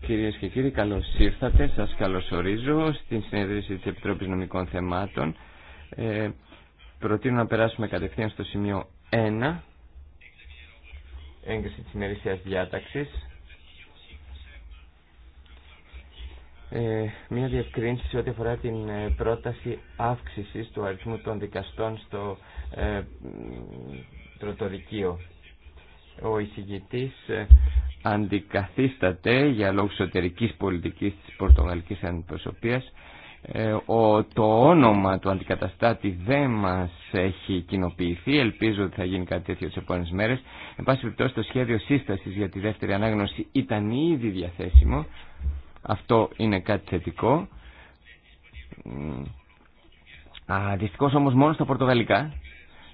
Κυρίε και κύριοι, καλώ ήρθατε. Σα καλωσορίζω στην Συνέδριση τη Επιτροπή Νομικών Θεμάτων. Ε, προτείνω να περάσουμε κατευθείαν στο σημείο 1, έγκριση τη ημερησία διάταξη. Ε, μία διευκρίνηση σε ό,τι αφορά την ε, πρόταση αύξησης του αριθμού των δικαστών στο ε, τροτοδικείο. Ο εισηγητής ε, αντικαθίσταται για λόγους εσωτερικής πολιτικής της Πορτογαλικής Αντιπροσωπείας. Ε, ο, το όνομα του αντικαταστάτη δεν μας έχει κοινοποιηθεί. Ελπίζω ότι θα γίνει κάτι τέτοιο τις επόμενες μέρες. Εν πάση περιπτώσει το σχέδιο σύστασης για τη δεύτερη ανάγνωση ήταν ήδη διαθέσιμο. Αυτό είναι κάτι θετικό. Δυστυχώ δυστυχώς όμως μόνο στα πορτογαλικά.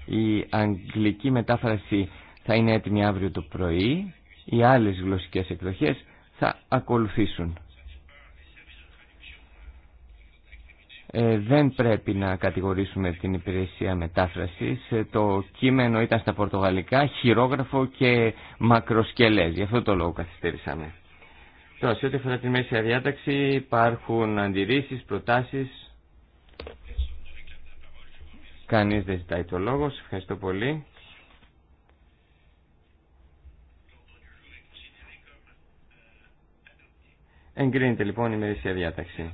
Η αγγλική μετάφραση θα είναι έτοιμη αύριο το πρωί. Οι άλλες γλωσσικές εκδοχές θα ακολουθήσουν. Ε, δεν πρέπει να κατηγορήσουμε την υπηρεσία μετάφρασης. Ε, το κείμενο ήταν στα πορτογαλικά, χειρόγραφο και μακροσκελές. Γι' αυτό το λόγο καθυστέρησαμε. Τώρα, σε ό,τι αφορά τη μέση αδιάταξη υπάρχουν αντιρρήσεις, προτάσεις. Κανείς δεν ζητάει το λόγο. Σας ευχαριστώ πολύ. Εγκρίνεται λοιπόν η μερίσια διάταξη.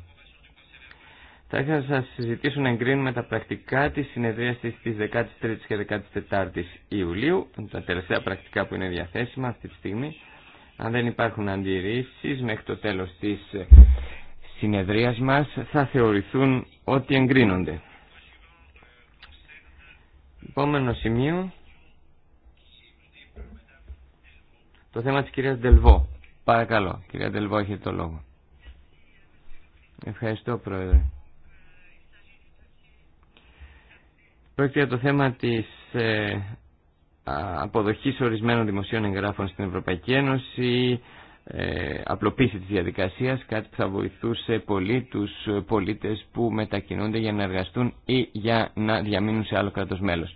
Θα ήθελα να σα συζητήσω να εγκρίνουμε τα πρακτικά τη συνεδρία τη 13η και 14η Ιουλίου, τα τελευταία πρακτικά που είναι διαθέσιμα αυτή τη στιγμή. Αν δεν υπάρχουν αντιρρήσει μέχρι το τέλο τη συνεδρία μα, θα θεωρηθούν ότι εγκρίνονται. Επόμενο σημείο. Το θέμα της κυρίας Ντελβό. Παρακαλώ, κυρία Ντελβό, έχετε το λόγο. Ευχαριστώ, Πρόεδρε. Πρόκειται για το θέμα της ε, αποδοχής ορισμένων δημοσίων εγγράφων στην Ευρωπαϊκή Ένωση, ε, απλοποίηση της διαδικασίας, κάτι που θα βοηθούσε πολύ τους πολίτες που μετακινούνται για να εργαστούν ή για να διαμείνουν σε άλλο κράτος μέλος.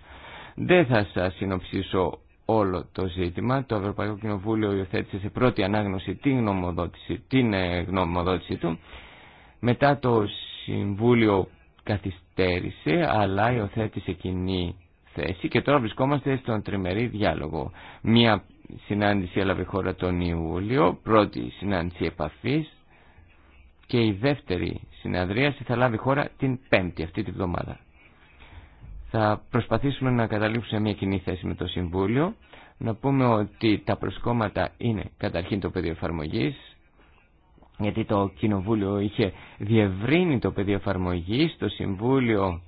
Δεν θα σας συνοψίσω όλο το ζήτημα. Το Ευρωπαϊκό Κοινοβούλιο υιοθέτησε σε πρώτη ανάγνωση την γνωμοδότηση, την ε, γνωμοδότηση του. Μετά το Συμβούλιο καθυστέρησε, αλλά υιοθέτησε κοινή θέση και τώρα βρισκόμαστε στον τριμερή διάλογο. Μία συνάντηση έλαβε χώρα τον Ιούλιο, πρώτη συνάντηση επαφής και η δεύτερη συναδρίαση θα λάβει χώρα την πέμπτη αυτή τη βδομάδα. Θα προσπαθήσουμε να καταλήξουμε μια κοινή θέση με το Συμβούλιο. Να πούμε ότι τα προσκόμματα είναι καταρχήν το πεδίο εφαρμογή, γιατί το Κοινοβούλιο είχε διευρύνει το πεδίο εφαρμογή, το Συμβούλιο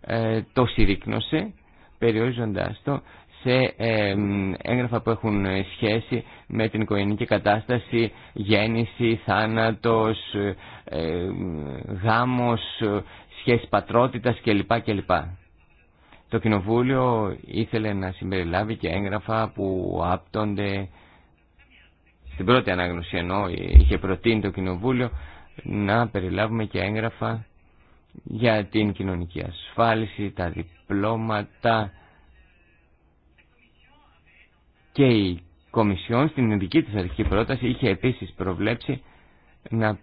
ε, το συρρήκνωσε, περιορίζοντάς το σε ε, έγγραφα που έχουν σχέση με την οικογενική κατάσταση, γέννηση, θάνατος, ε, ε γάμος, σχέση πατρότητας κλπ. Το Κοινοβούλιο ήθελε να συμπεριλάβει και έγγραφα που άπτονται στην πρώτη ανάγνωση ενώ είχε προτείνει το Κοινοβούλιο να περιλάβουμε και έγγραφα για την κοινωνική ασφάλιση, τα διπλώματα και η Κομισιόν στην δική της αρχική πρόταση είχε επίσης προβλέψει να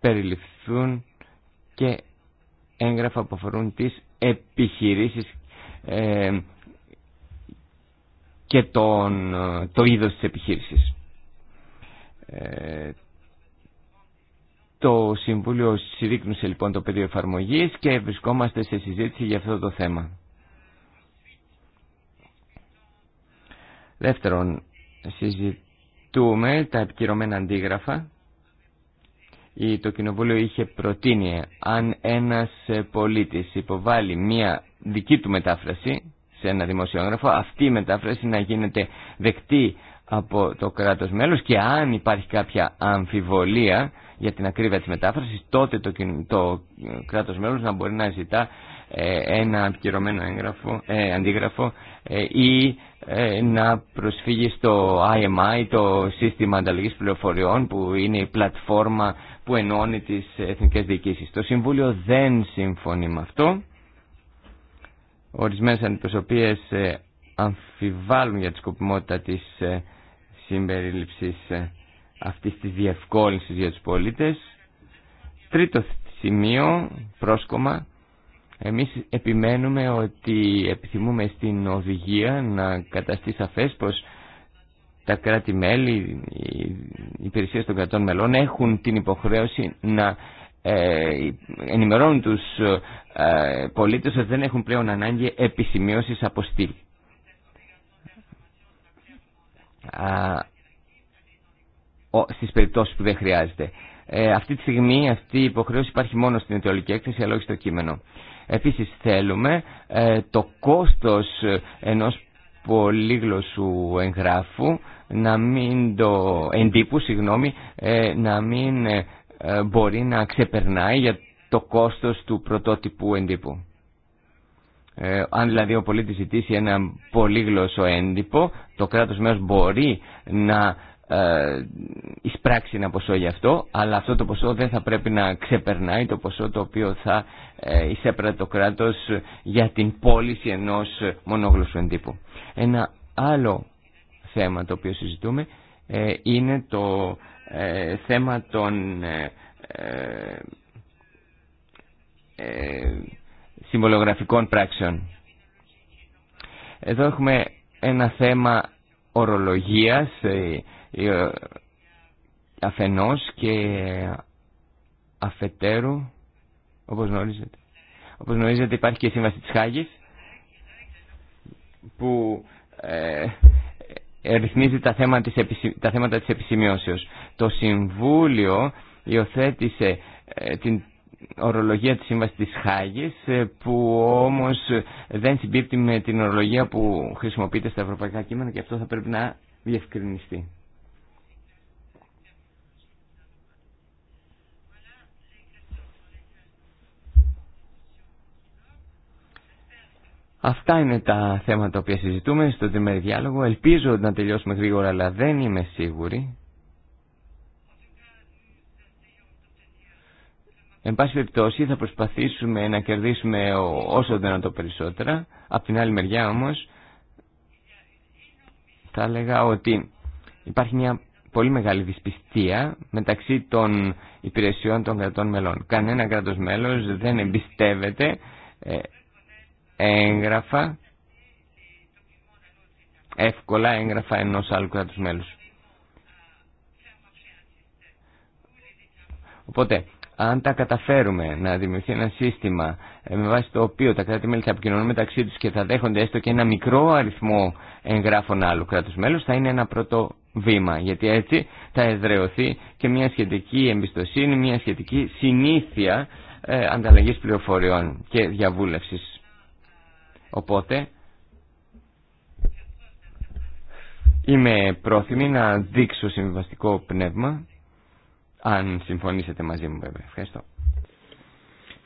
περιληφθούν και έγγραφα που αφορούν τις επιχειρήσεις ε, και τον, το είδος της επιχείρησης. Ε, το Συμβούλιο συρρήκνουσε λοιπόν το πεδίο εφαρμογής και βρισκόμαστε σε συζήτηση για αυτό το θέμα. Δεύτερον, συζητούμε τα επικυρωμένα αντίγραφα το Κοινοβούλιο είχε προτείνει αν ένας ε, πολίτης υποβάλει μία δική του μετάφραση σε ένα δημοσιογράφο αυτή η μετάφραση να γίνεται δεκτή από το κράτος μέλος και αν υπάρχει κάποια αμφιβολία για την ακρίβεια της μετάφρασης τότε το, το κράτος μέλος να μπορεί να ζητά ε, ένα επικυρωμένο ε, αντίγραφο ε, ή ε, να προσφύγει στο IMI, το Σύστημα Ανταλλαγής Πληροφοριών, που είναι η πλατφόρμα που ενώνει τις εθνικές διοικήσεις. Το Συμβούλιο δεν συμφωνεί με αυτό. Ορισμένες αντιπροσωπείες ε, αμφιβάλλουν για τη σκοπιμότητα της συμπερίληψης αυτής της διευκόλυνσης για τους πολίτες. Τρίτο σημείο, πρόσκομα, εμείς επιμένουμε ότι επιθυμούμε στην οδηγία να καταστεί σαφές πως τα κράτη-μέλη, οι υπηρεσίες των κρατών μελών έχουν την υποχρέωση να ε, ενημερώνουν τους ε, πολίτες ότι δεν έχουν πλέον ανάγκη επισημείωσης από στυλ. Στις περιπτώσεις που δεν χρειάζεται. Ε, αυτή τη στιγμή αυτή η υποχρέωση υπάρχει μόνο στην αιτιολική έκθεση αλλά όχι στο κείμενο. Επίσης θέλουμε ε, το κόστος ε, ενός πολύγλωσσου εγγράφου να μην το εντύπου, συγγνώμη, ε, να μην μπορεί να ξεπερνάει για το κόστος του πρωτότυπου εντύπου. Ε, αν δηλαδή ο πολίτης ζητήσει ένα πολύγλωσσο έντυπο, το κράτος μέρος μπορεί να ε, εισπράξει ένα ποσό για αυτό, αλλά αυτό το ποσό δεν θα πρέπει να ξεπερνάει το ποσό το οποίο θα ε, εισέπρατε το κράτος για την πώληση ενός μονόγλωσσου εντύπου. Ένα άλλο θέμα το οποίο συζητούμε ε, είναι το θέμα των συμβολογραφικών πράξεων. Εδώ έχουμε ένα θέμα ορολογίας, ε, αφενός και αφετέρου, όπως γνωρίζετε. Όπως γνωρίζετε υπάρχει και η Σύμβαση της Χάγης που ε, ρυθμίζει τα, της, τα θέματα της επισημειώσεως. Το Συμβούλιο υιοθέτησε ε, την ορολογία της Σύμβασης της Χάγης ε, που όμως δεν συμπίπτει με την ορολογία που χρησιμοποιείται στα ευρωπαϊκά κείμενα και αυτό θα πρέπει να διευκρινιστεί. Αυτά είναι τα θέματα που συζητούμε στο τριμερή διάλογο. Ελπίζω να τελειώσουμε γρήγορα, αλλά δεν είμαι σίγουρη. Εν πάση περιπτώσει θα προσπαθήσουμε να κερδίσουμε όσο δυνατό περισσότερα. Απ' την άλλη μεριά όμως θα έλεγα ότι υπάρχει μια πολύ μεγάλη δυσπιστία μεταξύ των υπηρεσιών των κρατών μελών. Κανένα κράτος μέλος δεν εμπιστεύεται ε, έγγραφα, εύκολα έγγραφα ενός άλλου κράτους μέλους. Οπότε, αν τα καταφέρουμε να δημιουργηθεί ένα σύστημα ε, με βάση το οποίο τα κράτη-μέλη θα επικοινωνούν μεταξύ τους και θα δέχονται έστω και ένα μικρό αριθμό εγγράφων άλλου κράτους μέλους, θα είναι ένα πρώτο βήμα. Γιατί έτσι θα εδρεωθεί και μια σχετική εμπιστοσύνη, μια σχετική συνήθεια ε, ανταλλαγή πληροφοριών και διαβούλευσης Οπότε είμαι πρόθυμη να δείξω συμβιβαστικό πνεύμα αν συμφωνήσετε μαζί μου βέβαια. Ευχαριστώ.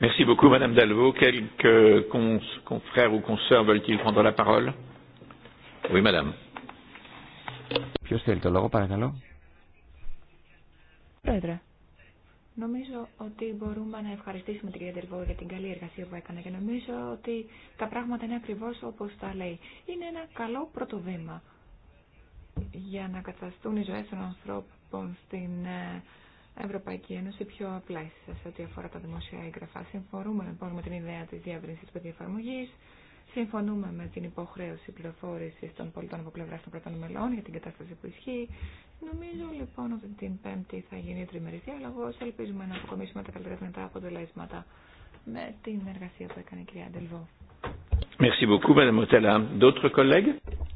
Merci beaucoup, Madame Dalvaux. Quelques confrères ou consoeurs veulent-ils prendre Ποιος θέλει το λόγο, παρακαλώ. Πρόεδρε, Νομίζω ότι μπορούμε να ευχαριστήσουμε την κυρία Τερβό για την καλή εργασία που έκανε και νομίζω ότι τα πράγματα είναι ακριβώ, όπω τα λέει. Είναι ένα καλό πρώτο βήμα για να καταστούν οι ζωέ των ανθρώπων στην ε, Ευρωπαϊκή Ένωση πιο απλά σε ό,τι αφορά τα δημόσια έγγραφα. Συμφωνούμε λοιπόν με την ιδέα τη διαβρύνση παιδιαφαρμογής. Συμφωνούμε με την υποχρέωση πληροφόρηση των πολιτών από πλευρά των πρώτων μελών για την κατάσταση που ισχύει. Νομίζω λοιπόν ότι την Πέμπτη θα γίνει η τριμερή διάλογο. Ελπίζουμε να αποκομίσουμε τα καλύτερα δυνατά αποτελέσματα με την εργασία που έκανε η κυρία Ντελβό.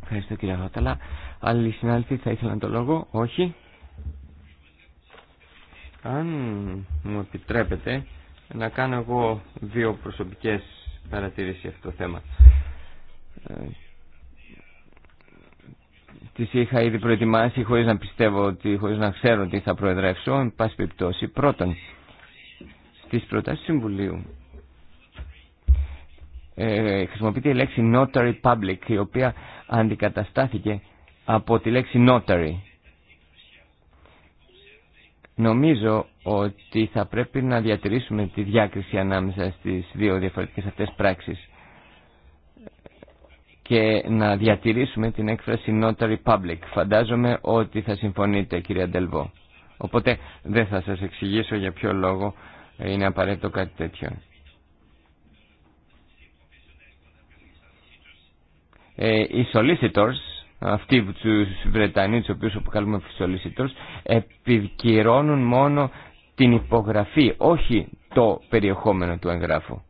Ευχαριστώ κυρία Ρόταλα. Άλλοι συνάδελφοι θα ήθελαν το λόγο. Όχι. Αν μου επιτρέπετε να κάνω εγώ δύο προσωπικές παρατηρήσεις για αυτό το θέμα τις είχα ήδη προετοιμάσει χωρίς να πιστεύω ότι, χωρίς να ξέρω τι θα προεδρεύσω εν πάση περιπτώσει πρώτον στις προτάσεις του Συμβουλίου ε, χρησιμοποιείται η λέξη notary public η οποία αντικαταστάθηκε από τη λέξη notary νομίζω ότι θα πρέπει να διατηρήσουμε τη διάκριση ανάμεσα στις δύο διαφορετικές αυτές πράξεις και να διατηρήσουμε την έκφραση Notary Public. Φαντάζομαι ότι θα συμφωνείτε κυρία Ντελβό. Οπότε δεν θα σας εξηγήσω για ποιο λόγο είναι απαραίτητο κάτι τέτοιο. Ε, οι solicitors, αυτοί του Βρετανοί, του οποίου αποκαλούμε solicitors, επικυρώνουν μόνο την υπογραφή, όχι το περιεχόμενο του εγγράφου.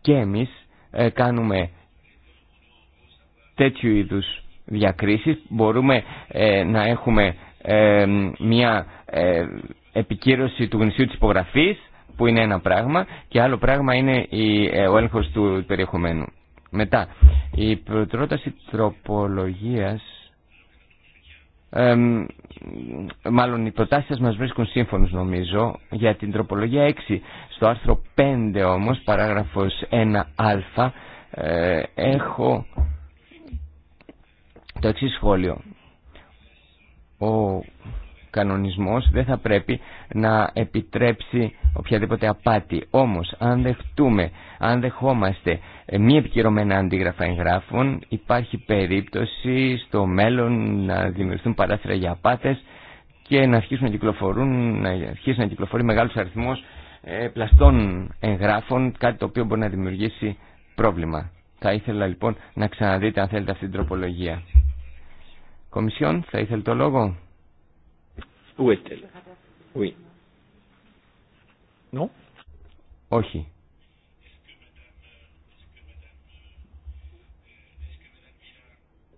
και εμείς ε, κάνουμε τέτοιου είδους διακρίσεις. Μπορούμε ε, να έχουμε ε, μια επικύρωση του γνησίου της υπογραφής που είναι ένα πράγμα και άλλο πράγμα είναι ο έλεγχος του περιεχομένου. Μετά, η προτρόταση τροπολογίας μάλλον οι προτάσει μα βρίσκουν σύμφωνο νομίζω για την τροπολογία 6 στο άρθρο 5 όμω, παράγραφο παράγραφος 1α ε, έχω το εξή σχόλιο ο κανονισμός δεν θα πρέπει να επιτρέψει οποιαδήποτε απάτη. Όμως, αν δεχτούμε, αν δεχόμαστε ε, μη επικυρωμένα αντίγραφα εγγράφων, υπάρχει περίπτωση στο μέλλον να δημιουργηθούν παράθυρα για απάτες και να αρχίσουν να κυκλοφορούν, να αρχίσουν να κυκλοφορεί μεγάλος αριθμός ε, πλαστών εγγράφων, κάτι το οποίο μπορεί να δημιουργήσει πρόβλημα. Θα ήθελα λοιπόν να ξαναδείτε αν θέλετε αυτή την τροπολογία. Κομισιόν, θα ήθελε το λόγο. Où est-elle Oui. Non Όχι.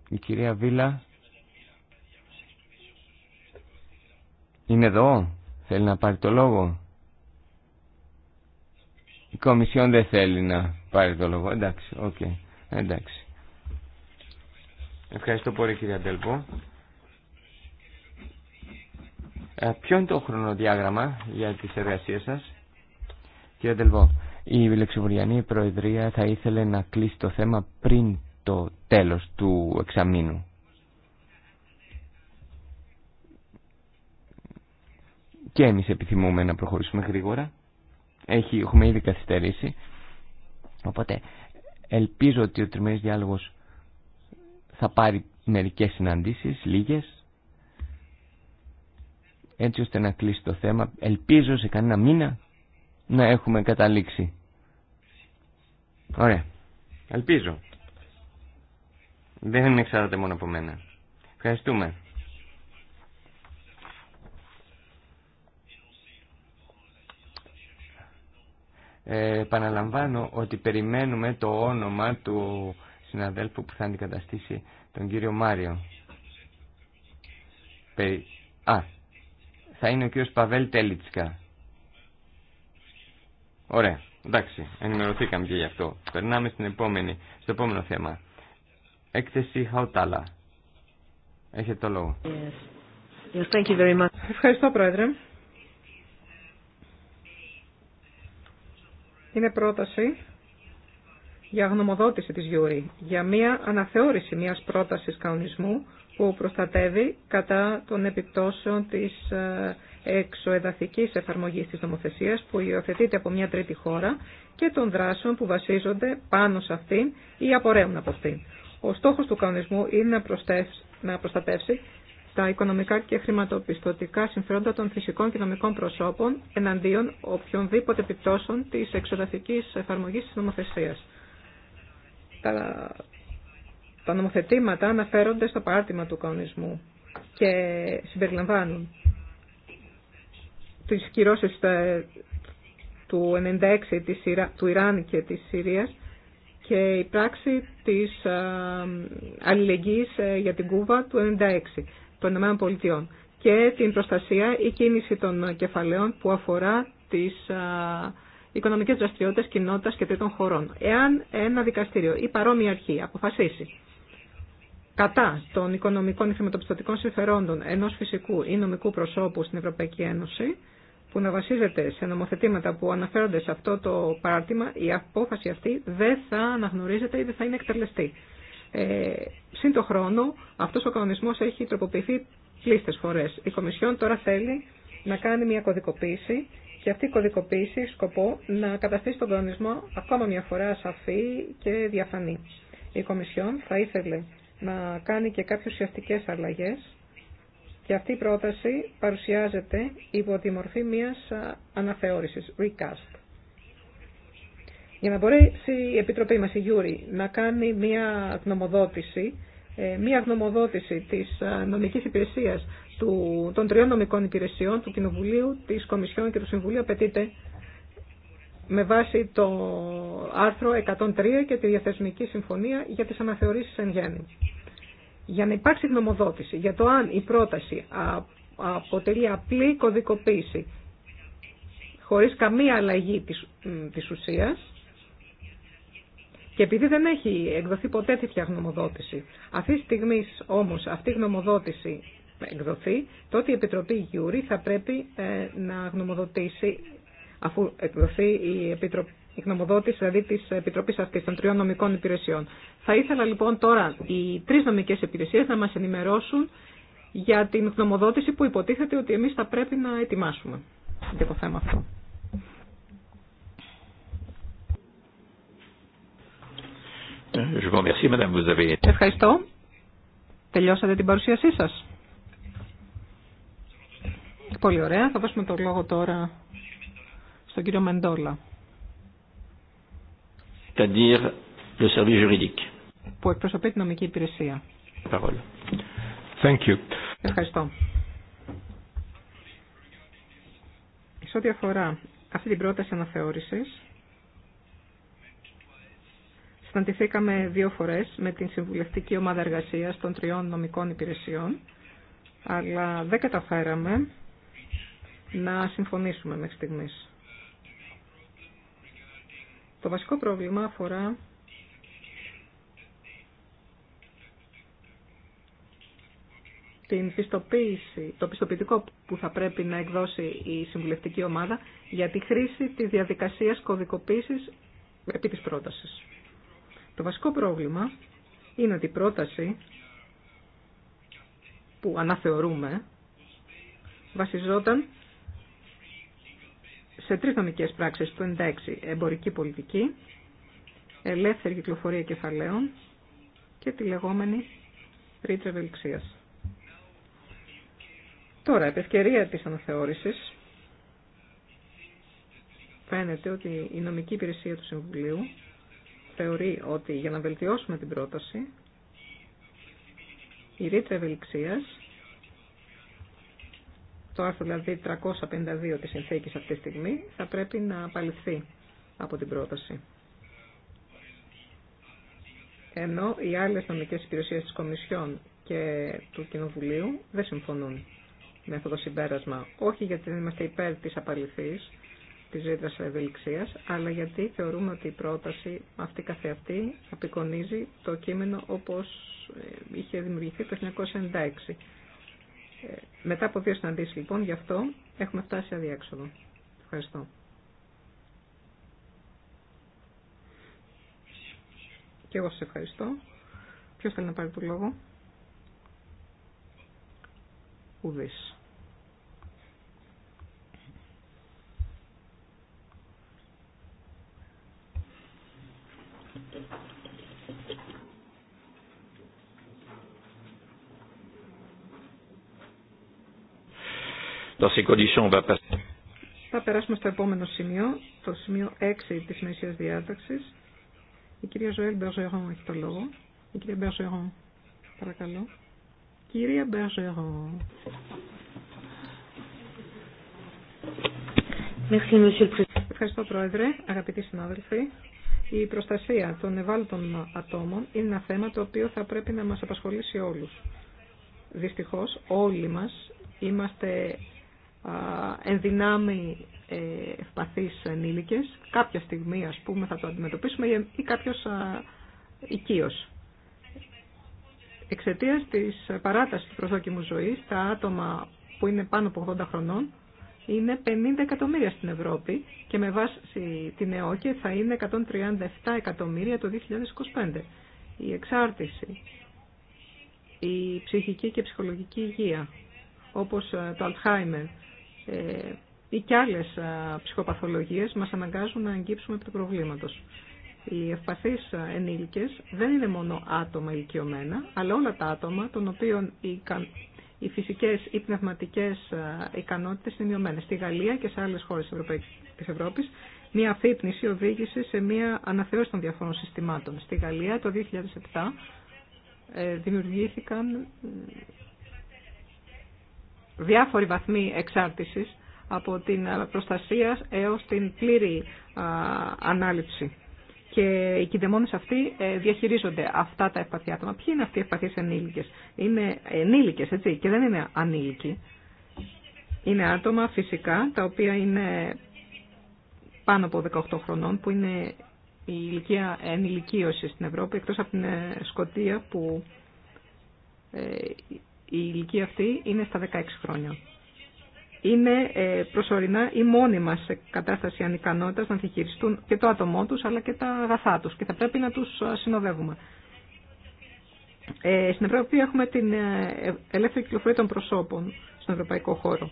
Η κυρία Βίλα είναι εδώ, θέλει να πάρει το λόγο. Η Κομισιόν δεν θέλει να πάρει το λόγο. Εντάξει, οκ. Okay. Εντάξει. Ευχαριστώ πολύ κυρία Ντελπό. Ε, ποιο είναι το χρονοδιάγραμμα για τις εργασίες σας, κύριε Τελβό. Η Λεξιβουριανή Προεδρία θα ήθελε να κλείσει το θέμα πριν το τέλος του εξαμήνου. Και εμείς επιθυμούμε να προχωρήσουμε γρήγορα. Έχει, έχουμε ήδη καθυστερήσει. Οπότε ελπίζω ότι ο τριμμένος διάλογος θα πάρει μερικές συναντήσεις, λίγες, έτσι ώστε να κλείσει το θέμα. Ελπίζω σε κανένα μήνα να έχουμε καταλήξει. Ωραία. Ελπίζω. Δεν εξαρτάται μόνο από μένα. Ευχαριστούμε. Ε, επαναλαμβάνω ότι περιμένουμε το όνομα του συναδέλφου που θα αντικαταστήσει τον κύριο Μάριο. Περι... Α, θα είναι ο κύριος Παβέλ Τέλιτσκα. Ωραία, εντάξει, ενημερωθήκαμε και γι' αυτό. Περνάμε στην επόμενη, στο επόμενο θέμα. Έκθεση Χαουτάλα. Έχετε το λόγο. Ευχαριστώ, Πρόεδρε. Είναι πρόταση για γνωμοδότηση της Γιούρη, για μία αναθεώρηση μιας πρότασης κανονισμού που προστατεύει κατά των επιπτώσεων της ε, εξοεδαφικής εφαρμογής της νομοθεσίας που υιοθετείται από μια τρίτη χώρα και των δράσεων που βασίζονται πάνω σε αυτήν ή απορρέουν από αυτήν. Ο στόχος του κανονισμού είναι να προστατεύσει τα οικονομικά και χρηματοπιστωτικά συμφέροντα των φυσικών και νομικών προσώπων εναντίον οποιονδήποτε επιπτώσεων της εξοδαφικής εφαρμογής της νομοθεσίας. Τα τα νομοθετήματα αναφέρονται στο παράρτημα του κανονισμού και συμπεριλαμβάνουν τις κυρώσεις του 96 του Ιράν και της Συρίας και η πράξη της αλληλεγγύης ε, για την Κούβα του 96 των Πολιτειών και την προστασία ή κίνηση των κεφαλαίων που αφορά τις οικονομικές δραστηριότητες κοινότητας και τρίτων χωρών. Εάν ένα δικαστήριο ή παρόμοια αρχή αποφασίσει κατά των οικονομικών ή χρηματοπιστωτικών συμφερόντων ενό φυσικού ή νομικού προσώπου στην Ευρωπαϊκή Ένωση, που να βασίζεται σε νομοθετήματα που αναφέρονται σε αυτό το παράρτημα, η απόφαση αυτή δεν θα αναγνωρίζεται ή δεν θα είναι εκτελεστή. Ε, Συν το χρόνο, αυτό ο κανονισμό έχει τροποποιηθεί πλήστε φορέ. Η Κομισιόν τώρα θέλει να κάνει μια κωδικοποίηση και αυτή η κωδικοποίηση σκοπό να καταστήσει τον κανονισμό ακόμα μια φορά σαφή και διαφανή. Η Κομισιόν θα ήθελε να κάνει και κάποιες ουσιαστικέ αλλαγές και αυτή η πρόταση παρουσιάζεται υπό τη μορφή μιας αναθεώρησης, recast. Για να μπορέσει η Επιτροπή μας, η Γιούρη, να κάνει μια γνωμοδότηση, ε, μια γνωμοδότηση της νομικής υπηρεσίας των τριών νομικών υπηρεσιών, του Κοινοβουλίου, της Κομισιόν και του Συμβουλίου, απαιτείται με βάση το άρθρο 103 και τη διαθεσμική συμφωνία για τις αναθεωρήσεις εν γέννη. Για να υπάρξει γνωμοδότηση για το αν η πρόταση αποτελεί απλή κωδικοποίηση χωρίς καμία αλλαγή της, της ουσίας και επειδή δεν έχει εκδοθεί ποτέ τέτοια γνωμοδότηση, αυτή τη στιγμή όμως αυτή η γνωμοδότηση εκδοθεί, τότε η Επιτροπή Γιούρη θα πρέπει ε, να γνωμοδοτήσει αφού εκδοθεί η, Επιτροπή, η γνωμοδότηση δηλαδή, της Επιτροπής αυτής των τριών νομικών υπηρεσιών. Θα ήθελα λοιπόν τώρα οι τρεις νομικές υπηρεσίες να μας ενημερώσουν για την γνωμοδότηση που υποτίθεται ότι εμείς θα πρέπει να ετοιμάσουμε για το θέμα αυτό. Ευχαριστώ. Τελειώσατε την παρουσίασή σας. Πολύ ωραία. Θα δώσουμε το λόγο τώρα στον κύριο Μεντόλα. Που εκπροσωπεί την νομική υπηρεσία. Thank Ευχαριστώ. Σε ό,τι αφορά αυτή την πρόταση αναθεώρησης, συναντηθήκαμε δύο φορές με την Συμβουλευτική Ομάδα Εργασίας των Τριών Νομικών Υπηρεσιών, αλλά δεν καταφέραμε να συμφωνήσουμε μέχρι στιγμής. Το βασικό πρόβλημα αφορά την πιστοποίηση, το πιστοποιητικό που θα πρέπει να εκδώσει η συμβουλευτική ομάδα για τη χρήση της διαδικασίας κωδικοποίησης επί της πρότασης. Το βασικό πρόβλημα είναι ότι η πρόταση που αναθεωρούμε βασιζόταν σε τρεις νομικές πράξεις του εντάξει εμπορική πολιτική, ελεύθερη κυκλοφορία κεφαλαίων και τη λεγόμενη ρήτρα ευελιξίας. Τώρα, επ' ευκαιρία της αναθεώρησης, φαίνεται ότι η νομική υπηρεσία του Συμβουλίου θεωρεί ότι για να βελτιώσουμε την πρόταση, η ρήτρα ευελιξίας το άρθρο δηλαδή 352 της συνθήκης αυτή τη στιγμή, θα πρέπει να απαλληφθεί από την πρόταση. Ενώ οι άλλες νομικές υπηρεσίες της Κομισιόν και του Κοινοβουλίου δεν συμφωνούν με αυτό το συμπέρασμα. Όχι γιατί δεν είμαστε υπέρ της απαλληφής, της ρήτρας ευελιξίας, αλλά γιατί θεωρούμε ότι η πρόταση αυτή καθεαυτή απεικονίζει το κείμενο όπως είχε δημιουργηθεί το 1996 μετά από δύο συναντήσεις λοιπόν, γι' αυτό έχουμε φτάσει αδιέξοδο. Ευχαριστώ. Και εγώ σας ευχαριστώ. Ποιος θέλει να πάρει το λόγο. Ουδής. Θα περάσουμε στο επόμενο σημείο, το σημείο 6 της Μεσίας Διάταξης. Η κυρία Ζωέλ Μπερζερόν έχει το λόγο. Η κυρία Μπερζερόν, παρακαλώ. Κυρία Μπερζερόν. Ευχαριστώ, Πρόεδρε, αγαπητοί συνάδελφοι. Η προστασία των ευάλωτων ατόμων είναι ένα θέμα το οποίο θα πρέπει να μας απασχολήσει όλους. Δυστυχώς, όλοι μας είμαστε ενδυνάμει ε, ευπαθείς ενήλικες. Κάποια στιγμή, ας πούμε, θα το αντιμετωπίσουμε ή κάποιος οικείος. Εξαιτία της παράτασης του προσδόκιμου ζωής, τα άτομα που είναι πάνω από 80 χρονών είναι 50 εκατομμύρια στην Ευρώπη και με βάση την ΕΟΚΕ θα είναι 137 εκατομμύρια το 2025. Η εξάρτηση, η ψυχική και ψυχολογική υγεία, όπως ε, το Αλτχάιμερ, ε, ή και άλλες ψυχοπαθολογίες μας αναγκάζουν να αγγίψουμε από του προβλήματος. Οι ευπαθείς ενήλικες δεν είναι μόνο άτομα ηλικιωμένα, αλλά όλα τα άτομα των οποίων οι φυσικές ή πνευματικές ικανότητες είναι μειωμένε. Στη Γαλλία και σε άλλες χώρες της Ευρώπης, μια αφύπνιση οδήγησε σε μια αναθεώρηση των διαφόρων συστημάτων. Στη Γαλλία το 2007 ε, δημιουργήθηκαν διάφοροι βαθμοί εξάρτησης από την ε, προστασία έως την πλήρη ανάληψη. Και οι κυδεμόνες αυτοί ε, διαχειρίζονται αυτά τα ευπαθή άτομα. Ποιοι είναι αυτοί οι ευπαθείς ενήλικες. Είναι ενήλικες, έτσι, και δεν είναι ανήλικοι. Είναι άτομα φυσικά, τα οποία είναι πάνω από 18 χρονών, που είναι η ηλικία ενηλικίωση στην Ευρώπη, εκτός από την ε, Σκοτία που η ηλικία αυτή είναι στα 16 χρόνια. Είναι ε, προσωρινά ή μόνιμα σε κατάσταση ανικανότητα να διαχειριστούν και το άτομό τους αλλά και τα αγαθά τους και θα πρέπει να τους ε, συνοδεύουμε. Ε, στην Ευρώπη έχουμε την ε, ελεύθερη κυκλοφορία των προσώπων στον ευρωπαϊκό χώρο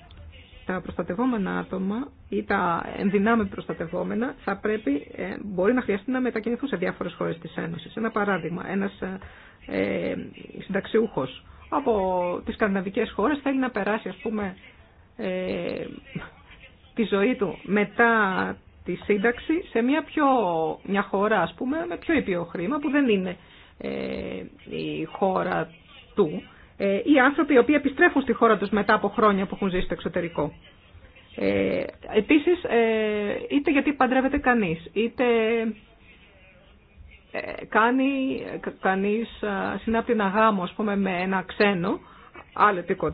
τα προστατευόμενα άτομα ή τα ενδυνάμει προστατευόμενα θα πρέπει, ε, μπορεί να χρειαστεί να μετακινηθούν σε διάφορες χώρες της Ένωση. Ένα παράδειγμα, ένας ε, ε από τις σκανδιναβικέ χώρες θέλει να περάσει ας πούμε ε, τη ζωή του μετά τη σύνταξη σε μια, πιο, μια χώρα ας πούμε με πιο ήπιο χρήμα που δεν είναι ε, η χώρα του ε, οι άνθρωποι οι οποίοι επιστρέφουν στη χώρα τους μετά από χρόνια που έχουν ζήσει στο εξωτερικό. Ε, επίσης, ε, είτε γιατί παντρεύεται κανείς, είτε ε, κάνει κανείς συνάπτει ένα γάμο ας πούμε, με ένα ξένο, άλλο υπήκο,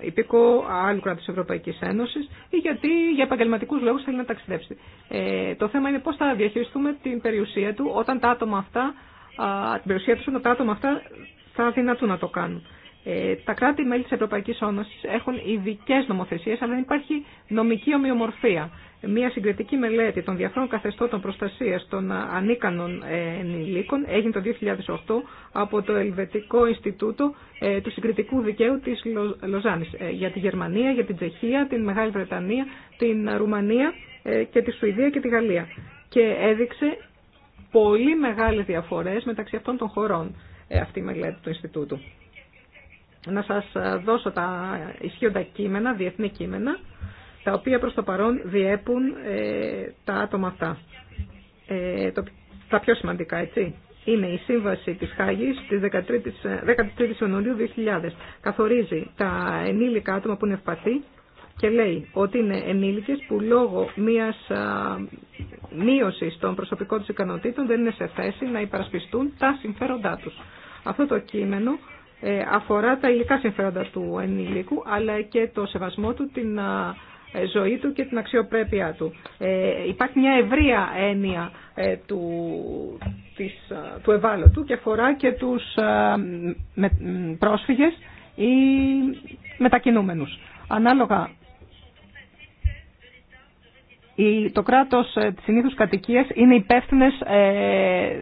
υπήκο άλλου κράτου της Ευρωπαϊκής Ένωσης ή γιατί για επαγγελματικού λόγους θέλει να ταξιδέψει. Ε, το θέμα είναι πώς θα διαχειριστούμε την περιουσία του όταν τα άτομα αυτά, την περιουσία του όταν τα άτομα αυτά θα δυνατούν να το κάνουν. Ε, τα κράτη-μέλη της Ευρωπαϊκής Ένωσης έχουν ειδικέ νομοθεσίες, αλλά δεν υπάρχει νομική ομοιομορφία. Μία συγκριτική μελέτη των διαφόρων καθεστώτων προστασίας των ανίκανων ε, ενηλίκων έγινε το 2008 από το Ελβετικό Ινστιτούτο ε, του Συγκριτικού Δικαίου της Λοζάνης για τη Γερμανία, για την Τσεχία, την Μεγάλη Βρετανία, την Ρουμανία και τη Σουηδία και τη Γαλλία. Και έδειξε πολύ μεγάλες διαφορές μεταξύ αυτών των χωρών αυτή η μελέτη του Ινστιτούτου να σας δώσω τα ισχύοντα κείμενα, διεθνή κείμενα, τα οποία προς το παρόν διέπουν ε, τα άτομα αυτά. Ε, το, τα πιο σημαντικά, έτσι. Είναι η Σύμβαση της Χάγης της 13ης ε, Ιανουαρίου 2000. Καθορίζει τα ενήλικα άτομα που είναι ευπαθή και λέει ότι είναι ενήλικες που λόγω μιας α, μείωσης των προσωπικών τους ικανοτήτων δεν είναι σε θέση να υπερασπιστούν τα συμφέροντά τους. Αυτό το κείμενο ε, αφορά τα υλικά συμφέροντα του ενηλίκου, αλλά και το σεβασμό του, την ε, ζωή του και την αξιοπρέπειά του. Ε, υπάρχει μια ευρεία έννοια του, της, του ευάλωτου και αφορά και τους με, πρόσφυγες ή μετακινούμενους. Ανάλογα το κράτος της συνήθους κατοικίας είναι υπεύθυνες ε,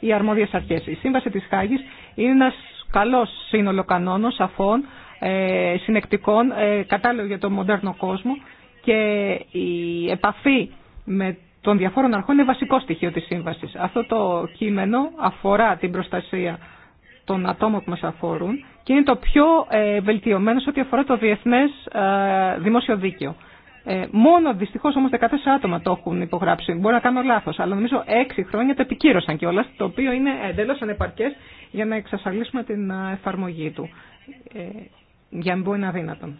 οι αρμόδιε αρχέ. Η Σύμβαση της Χάγη είναι ένα καλός σύνολο κανόνων, σαφών, ε, συνεκτικών, ε, κατάλληλο για τον μοντέρνο κόσμο και η επαφή με τον διαφόρων αρχών είναι βασικό στοιχείο της Σύμβασης. Αυτό το κείμενο αφορά την προστασία των ατόμων που μας αφορούν και είναι το πιο ε, βελτιωμένο σε ό,τι αφορά το διεθνές δημόσιο δίκαιο. Ε, μόνο δυστυχώ όμω 14 άτομα το έχουν υπογράψει. Μπορεί να κάνω λάθο, αλλά νομίζω 6 χρόνια το επικύρωσαν κιόλα, το οποίο είναι εντελώ ανεπαρκέ για να εξασφαλίσουμε την ε, εφαρμογή του. Ε, για να μπορεί να αδύνατον.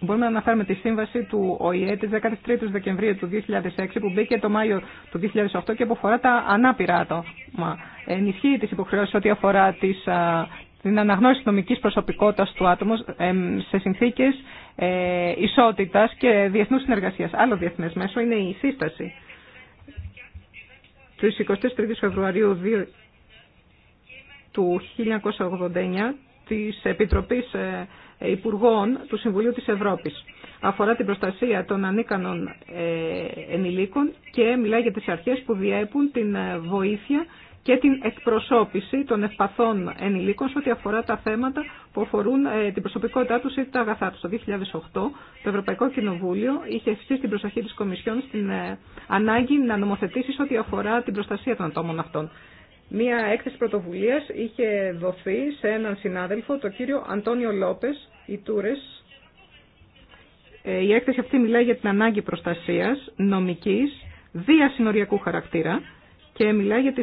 Μπορούμε να αναφέρουμε τη σύμβαση του ΟΗΕ τη 13η Δεκεμβρίου του 2006 που μπήκε το Μάιο του 2008 και που αφορά τα ανάπηρα άτομα. Ενισχύει τι υποχρεώσει ό,τι αφορά τις, την αναγνώριση νομική προσωπικότητας του άτομου σε συνθήκες ε, ισότητα και διεθνούς συνεργασίας. Άλλο διεθνές μέσο είναι η σύσταση του 23 Φεβρουαρίου του 1989 της Επιτροπής ε, Υπουργών του Συμβουλίου της Ευρώπης. Αφορά την προστασία των ανίκανων ε, ενηλίκων και μιλάει για τις αρχές που διέπουν την βοήθεια και την εκπροσώπηση των ευπαθών ενηλίκων σε ό,τι αφορά τα θέματα που αφορούν ε, την προσωπικότητά του ή τα αγαθά του. Το 2008 το Ευρωπαϊκό Κοινοβούλιο είχε ευθύσει την προσοχή τη Κομισιόν στην ε, ανάγκη να νομοθετήσει σε ό,τι αφορά την προστασία των ατόμων αυτών. Μία έκθεση πρωτοβουλία είχε δοθεί σε έναν συνάδελφο, τον κύριο Αντώνιο Λόπε Ιτούρε. Ε, η έκθεση αυτή μιλάει για την ανάγκη προστασία νομική διασυνοριακού χαρακτήρα και μιλά για τη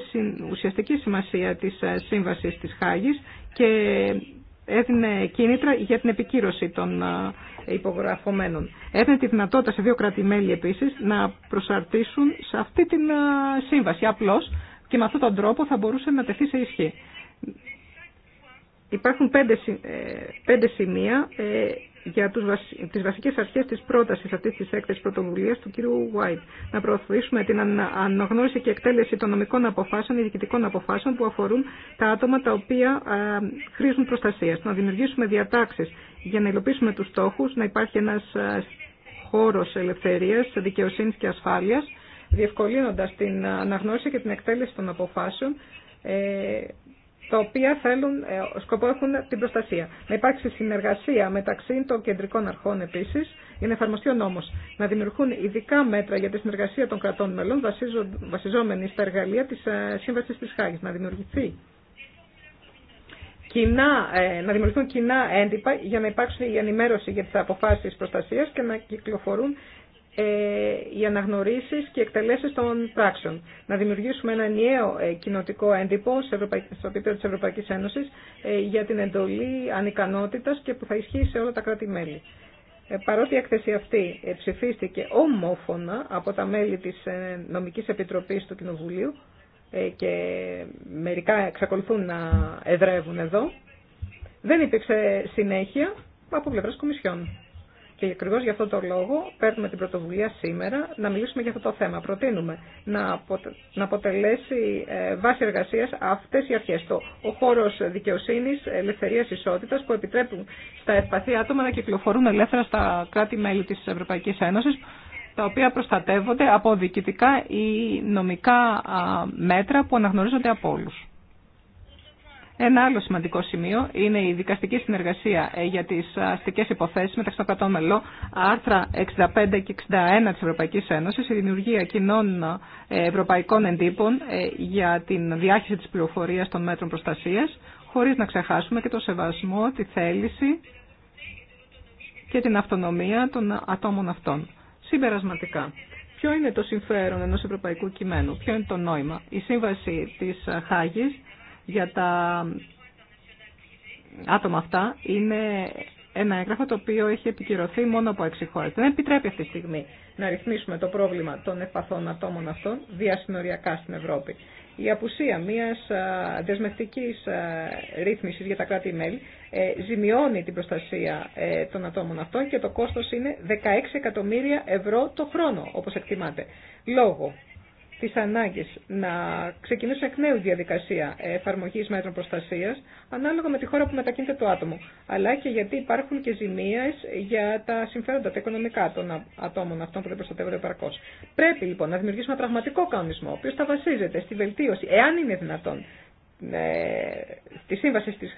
ουσιαστική σημασία της ε, σύμβασης της Χάγης και έδινε κίνητρα για την επικύρωση των ε, υπογραφωμένων. Έδινε τη δυνατότητα σε δύο κράτη-μέλη επίσης να προσαρτήσουν σε αυτή την ε, σύμβαση απλώς και με αυτόν τον τρόπο θα μπορούσε να τεθεί σε ισχύ. Υπάρχουν πέντε, ε, πέντε σημεία ε, για τους, τις βασικές αρχές της πρότασης αυτής της έκθεσης πρωτοβουλίας του κ. White. Να προωθήσουμε την αναγνώριση και εκτέλεση των νομικών αποφάσεων ή διοικητικών αποφάσεων που αφορούν τα άτομα τα οποία ε, χρήζουν προστασία. Να δημιουργήσουμε διατάξεις για να υλοποιήσουμε τους στόχους, να υπάρχει ένας χώρος ελευθερίας, δικαιοσύνης και ασφάλειας, διευκολύνοντας την αναγνώριση και την εκτέλεση των αποφάσεων, ε, τα οποία θέλουν, ε, σκοπό έχουν την προστασία. Να υπάρξει συνεργασία μεταξύ των κεντρικών αρχών επίση, για να εφαρμοστεί ο νόμο. Να δημιουργούν ειδικά μέτρα για τη συνεργασία των κρατών μελών, βασιζόμενοι στα εργαλεία τη ε, Σύμβαση τη Χάγη. Να δημιουργηθεί. Κοινά, ε, να δημιουργηθούν κοινά έντυπα για να υπάρξει η ενημέρωση για τι αποφάσει προστασία και να κυκλοφορούν ε, οι αναγνωρίσεις και εκτελέσεις των πράξεων. Να δημιουργήσουμε ένα νέο ε, κοινοτικό έντυπο στο επίπεδο της Ευρωπαϊκής Ένωσης ε, για την εντολή ανικανότητας και που θα ισχύει σε όλα τα κράτη-μέλη. Παρότι η έκθεση αυτή ψηφίστηκε ομόφωνα από τα μέλη της Νομικής Επιτροπής του Κοινοβουλίου και μερικά εξακολουθούν να εδρεύουν εδώ, δεν υπήρξε συνέχεια από πλευρά Κομισιόν. Και ακριβώ για αυτό το λόγο παίρνουμε την πρωτοβουλία σήμερα να μιλήσουμε για αυτό το θέμα. Προτείνουμε να αποτελέσει ε, βάση εργασία αυτέ οι αρχέ. Ο χώρο δικαιοσύνη, ελευθερία, ισότητα που επιτρέπουν στα ευπαθή άτομα να κυκλοφορούν ελεύθερα στα κράτη-μέλη τη Ευρωπαϊκή Ένωση τα οποία προστατεύονται από διοικητικά ή νομικά μέτρα που αναγνωρίζονται από όλους. Ένα άλλο σημαντικό σημείο είναι η δικαστική συνεργασία ε, για τι αστικέ υποθέσει μεταξύ των κρατών μελών, άρθρα 65 και 61 τη Ευρωπαϊκή Ένωση, η δημιουργία κοινών ε, ευρωπαϊκών εντύπων ε, για την διάχυση τη πληροφορία των μέτρων προστασία, χωρί να ξεχάσουμε και το σεβασμό, τη θέληση και την αυτονομία των ατόμων αυτών. Συμπερασματικά. Ποιο είναι το συμφέρον ενός ευρωπαϊκού κειμένου, ποιο είναι το νόημα. Η σύμβαση της Χάγης για τα άτομα αυτά είναι ένα έγγραφο το οποίο έχει επικυρωθεί μόνο από έξι χώρε. Δεν επιτρέπει αυτή τη στιγμή να ρυθμίσουμε το πρόβλημα των ευπαθών ατόμων αυτών διασυνοριακά στην Ευρώπη. Η απουσία μια δεσμευτική ρύθμιση για τα κράτη-μέλη ε, ζημιώνει την προστασία ε, των ατόμων αυτών και το κόστο είναι 16 εκατομμύρια ευρώ το χρόνο, όπω εκτιμάται. Λόγω τις ανάγκες να ξεκινήσει εκ νέου διαδικασία εφαρμογής μέτρων προστασίας ανάλογα με τη χώρα που μετακινείται το άτομο, αλλά και γιατί υπάρχουν και ζημίες για τα συμφέροντα, τα οικονομικά των ατόμων αυτών που δεν προστατεύονται επαρκώ. Πρέπει λοιπόν να δημιουργήσουμε ένα πραγματικό κανονισμό, ο οποίος θα βασίζεται στη βελτίωση, εάν είναι δυνατόν, ε, τη σύμβαση της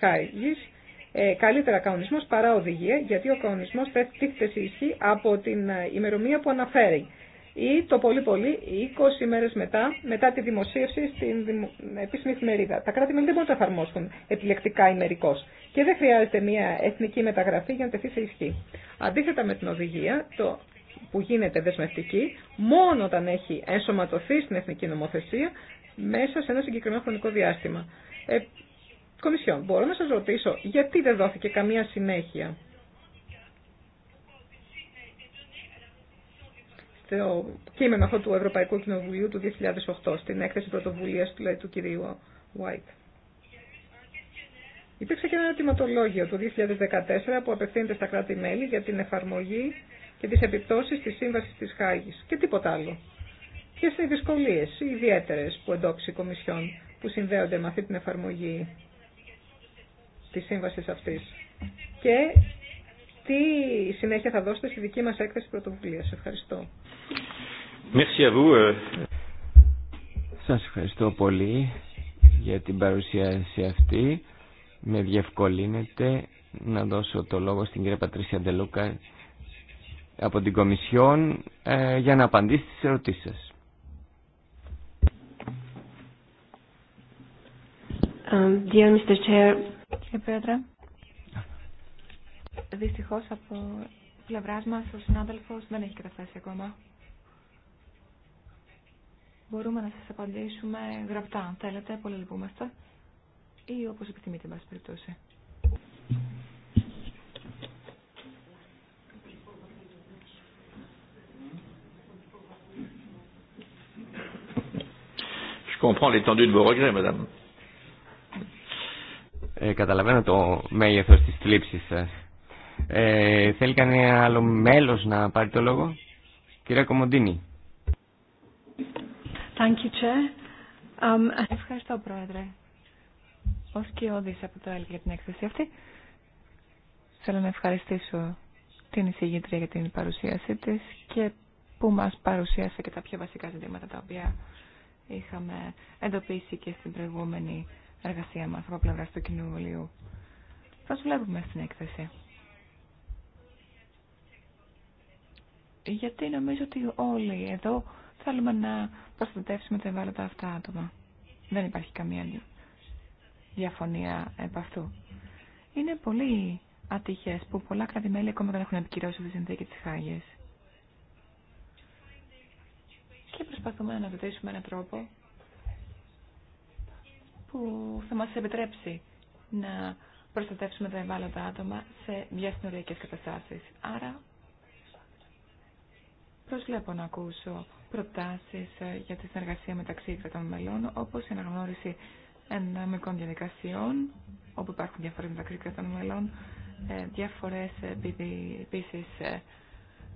ε, καλύτερα κανονισμός παρά οδηγία, γιατί ο κανονισμός τίθεται σε ισχύ από την ε, ημερομία που αναφέρει ή το πολύ πολύ 20 μέρες μετά, μετά τη δημοσίευση στην επίσημη εφημερίδα. Τα κράτη-μέλη δεν μπορούν να εφαρμόσουν επιλεκτικά ημερικώ. και δεν χρειάζεται μια εθνική μεταγραφή για να τεθεί σε ισχύ. Αντίθετα με την οδηγία, το που γίνεται δεσμευτική, μόνο όταν έχει ενσωματωθεί στην εθνική νομοθεσία μέσα σε ένα συγκεκριμένο χρονικό διάστημα. Ε, Κομισιόν, μπορώ να σας ρωτήσω γιατί δεν δόθηκε καμία συνέχεια το κείμενο αυτό του Ευρωπαϊκού Κοινοβουλίου του 2008, στην έκθεση πρωτοβουλίας του κυρίου White. Υπήρξε και ένα ερωτηματολόγιο του 2014 που απευθύνεται στα κράτη-μέλη για την εφαρμογή και τις επιπτώσεις της Σύμβασης της Χάγης και τίποτα άλλο. Ποιε είναι οι δυσκολίε οι ιδιαίτερες που εντόπισε η Κομισιόν που συνδέονται με αυτή την εφαρμογή τη σύμβαση αυτή. και τι συνέχεια θα δώσετε στη δική μα έκθεση πρωτοβουλία. Ευχαριστώ. Merci à vous. Euh. Σας ευχαριστώ πολύ για την παρουσίαση αυτή. Με διευκολύνεται να δώσω το λόγο στην κυρία Πατρίσια Ντελούκα από την Κομισιόν ε, για να απαντήσει στις ερωτήσεις σας. Um, Κύριε Πρόεδρε, δυστυχώς από πλευράς μας ο συνάδελφος δεν έχει καταφέσει ακόμα μπορούμε να σας απαντήσουμε γραπτά, αν θέλετε, πολύ λυπούμαστε, ή όπως επιθυμείτε, μας περιπτώσει. Ε, καταλαβαίνω το μέγεθος της θλίψης σας. Ε. ε, θέλει κανένα άλλο μέλος να πάρει το λόγο. Κυρία Κομοντίνη. Thank um, Ευχαριστώ, Πρόεδρε. Ω και από το ΕΛΚ για την έκθεση αυτή, θέλω να ευχαριστήσω την εισηγήτρια για την παρουσίασή τη και που μας παρουσίασε και τα πιο βασικά ζητήματα τα οποία είχαμε εντοπίσει και στην προηγούμενη εργασία μας από πλευρά του Κοινοβουλίου. Πώς βλέπουμε στην έκθεση. Γιατί νομίζω ότι όλοι εδώ Θέλουμε να προστατεύσουμε τα ευάλωτα αυτά άτομα. Δεν υπάρχει καμία διαφωνία επ' αυτού. Είναι πολύ ατυχέ που πολλά κράτη-μέλη ακόμα δεν έχουν επικυρώσει τη συνθήκη τη Χάγη. Και προσπαθούμε να αναζητήσουμε έναν τρόπο που θα μας επιτρέψει να προστατεύσουμε τα ευάλωτα άτομα σε διασυνοριακές καταστάσει. Άρα, προσβλέπω να ακούσω προτάσεις ε, για τη συνεργασία μεταξύ κρατών μελών, όπως η αναγνώριση ενάμικων διαδικασιών, όπου υπάρχουν διαφορές μεταξύ κρατών μελών, ε, διαφορές ε, επίσης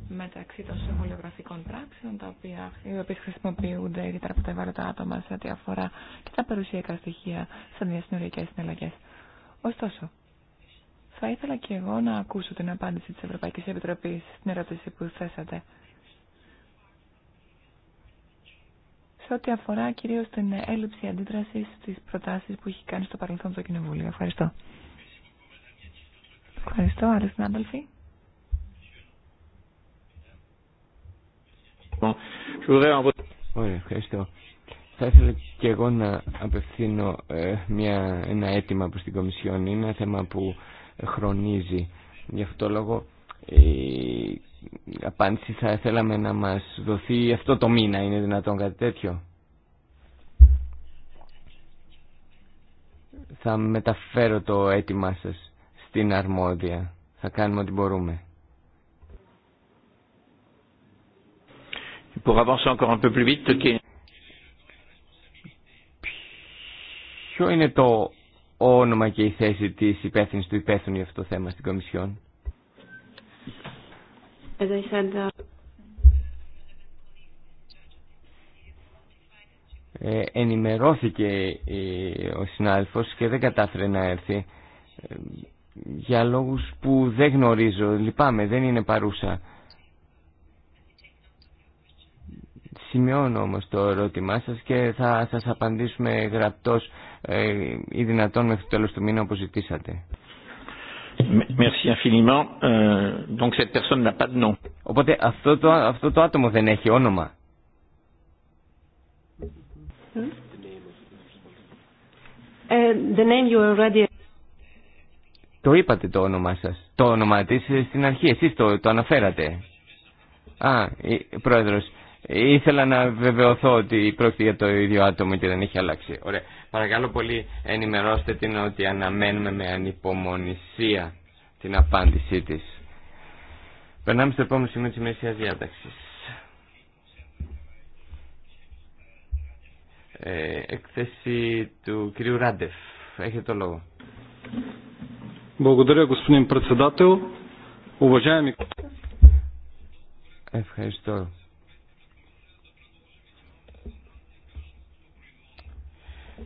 μεταξύ των συμβολιογραφικών πράξεων, τα οποία, οι οποίε χρησιμοποιούνται για από τα ευάλωτα άτομα σε ό,τι αφορά και τα περιουσιακά στοιχεία σαν διασυνοριακέ συναλλαγέ. Ωστόσο, θα ήθελα και εγώ να ακούσω την απάντηση της Ευρωπαϊκής Επιτροπής στην ερώτηση που θέσατε. σε ό,τι αφορά κυρίως την έλλειψη αντίδρασης στις προτάσεις που έχει κάνει στο παρελθόν το Κοινοβούλιο. Ευχαριστώ. Ευχαριστώ, άλλοι συνάδελφοι. Ωραία, ευχαριστώ. Θα ήθελα και εγώ να απευθύνω ε, μια, ένα αίτημα προς την Κομισιόν. Είναι ένα θέμα που χρονίζει. Γι' αυτό λόγο απάντηση θα θέλαμε να μας δοθεί αυτό το μήνα. Είναι δυνατόν κάτι τέτοιο. Θα μεταφέρω το αίτημά σας στην αρμόδια. Θα κάνουμε ό,τι μπορούμε. Ποιο είναι το όνομα και η θέση της υπεύθυνης του υπεύθυνου για αυτό το θέμα στην Κομισιόν. Uh, ε, ενημερώθηκε ε, ο συνάδελφος και δεν κατάφερε να έρθει ε, για λόγους που δεν γνωρίζω, λυπάμαι, δεν είναι παρούσα. Σημειώνω όμως το ερώτημά σας και θα σας απαντήσουμε γραπτός ή δυνατόν μέχρι το τέλος του μήνα όπως ζητήσατε. Οπότε αυτό το, αυτό το άτομο δεν έχει όνομα. Ε, already... Το είπατε το όνομά σας. Το όνομα της ε, στην αρχή. Εσείς το, το αναφέρατε. Α, ah, πρόεδρος. Ήθελα να βεβαιωθώ ότι πρόκειται για το ίδιο άτομο και δεν έχει αλλάξει. Ωραία. Παρακαλώ πολύ ενημερώστε την ότι αναμένουμε με ανυπομονησία την απάντησή τη. Περνάμε στο επόμενο σημείο τη ημερησίας διάταξη. Ε, έκθεση του κυρίου Ράντεφ. Έχετε το λόγο. Ευχαριστώ.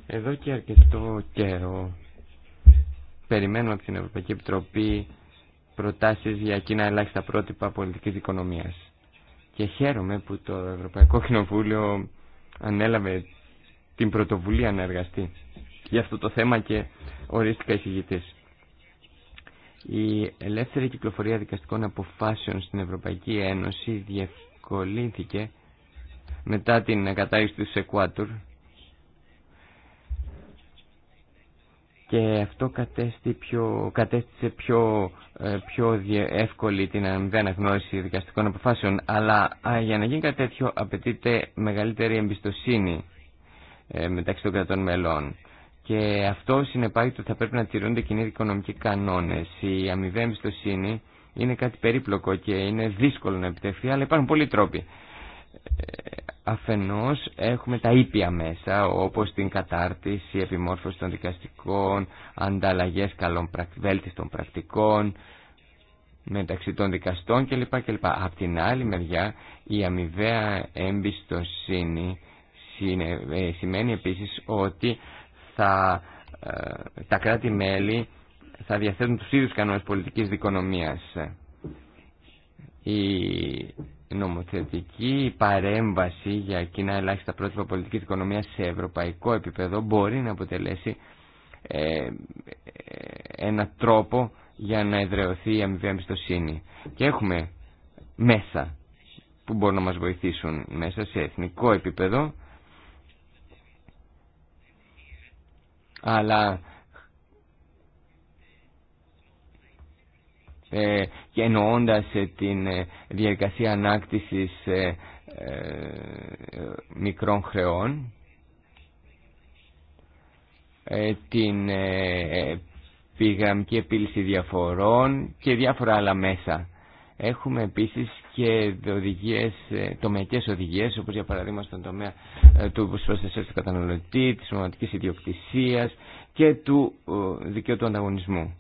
Εδώ και αρκετό καιρό περιμένουμε από την Ευρωπαϊκή Επιτροπή προτάσεις για κοινά ελάχιστα πρότυπα πολιτικής οικονομίας. Και χαίρομαι που το Ευρωπαϊκό Κοινοβούλιο ανέλαβε την πρωτοβουλία να εργαστεί για αυτό το θέμα και ορίστηκα εισηγητής. Η ελεύθερη κυκλοφορία δικαστικών αποφάσεων στην Ευρωπαϊκή Ένωση διευκολύνθηκε μετά την κατάρριξη του Σεκουάτουρ και αυτό κατέστη πιο, κατέστησε πιο, ε, πιο εύκολη την αμοιβαία αναγνώριση δικαστικών αποφάσεων. Αλλά α, για να γίνει κάτι τέτοιο απαιτείται μεγαλύτερη εμπιστοσύνη ε, μεταξύ των κρατών μελών. Και αυτό συνεπάγεται ότι θα πρέπει να τηρούνται κοινοί οικονομικοί κανόνε. Η αμοιβαία εμπιστοσύνη είναι κάτι περίπλοκο και είναι δύσκολο να επιτευχθεί, αλλά υπάρχουν πολλοί τρόποι. Αφενός έχουμε τα ήπια μέσα όπως την κατάρτιση, επιμόρφωση των δικαστικών, ανταλλαγές καλών βέλτιστων πρακτικών μεταξύ των δικαστών κλπ. κλπ. Απ' την άλλη μεριά η αμοιβαία εμπιστοσύνη ε, σημαίνει επίσης ότι θα, ε, τα κράτη-μέλη θα διαθέτουν τους ίδιους κανόνες πολιτικής δικονομίας. Η νομοθετική παρέμβαση για κοινά ελάχιστα πρότυπα πολιτική οικονομίας σε ευρωπαϊκό επίπεδο μπορεί να αποτελέσει ε, ε, ένα τρόπο για να εδραιωθεί η αμοιβή εμπιστοσύνη. Και έχουμε μέσα που μπορούν να μας βοηθήσουν μέσα σε εθνικό επίπεδο αλλά ε, και εννοώντας ε, την ε, διαδικασία ανάκτησης ε, μικρών χρεών, την επιγραμμική επίλυση διαφορών και διάφορα άλλα μέσα. Έχουμε επίσης και οδηγίες, τομεακές οδηγίες, όπως για παράδειγμα στον τομέα του προστασίας του καταναλωτή, της ομαδικής ιδιοκτησίας και του δικαίου του ανταγωνισμού.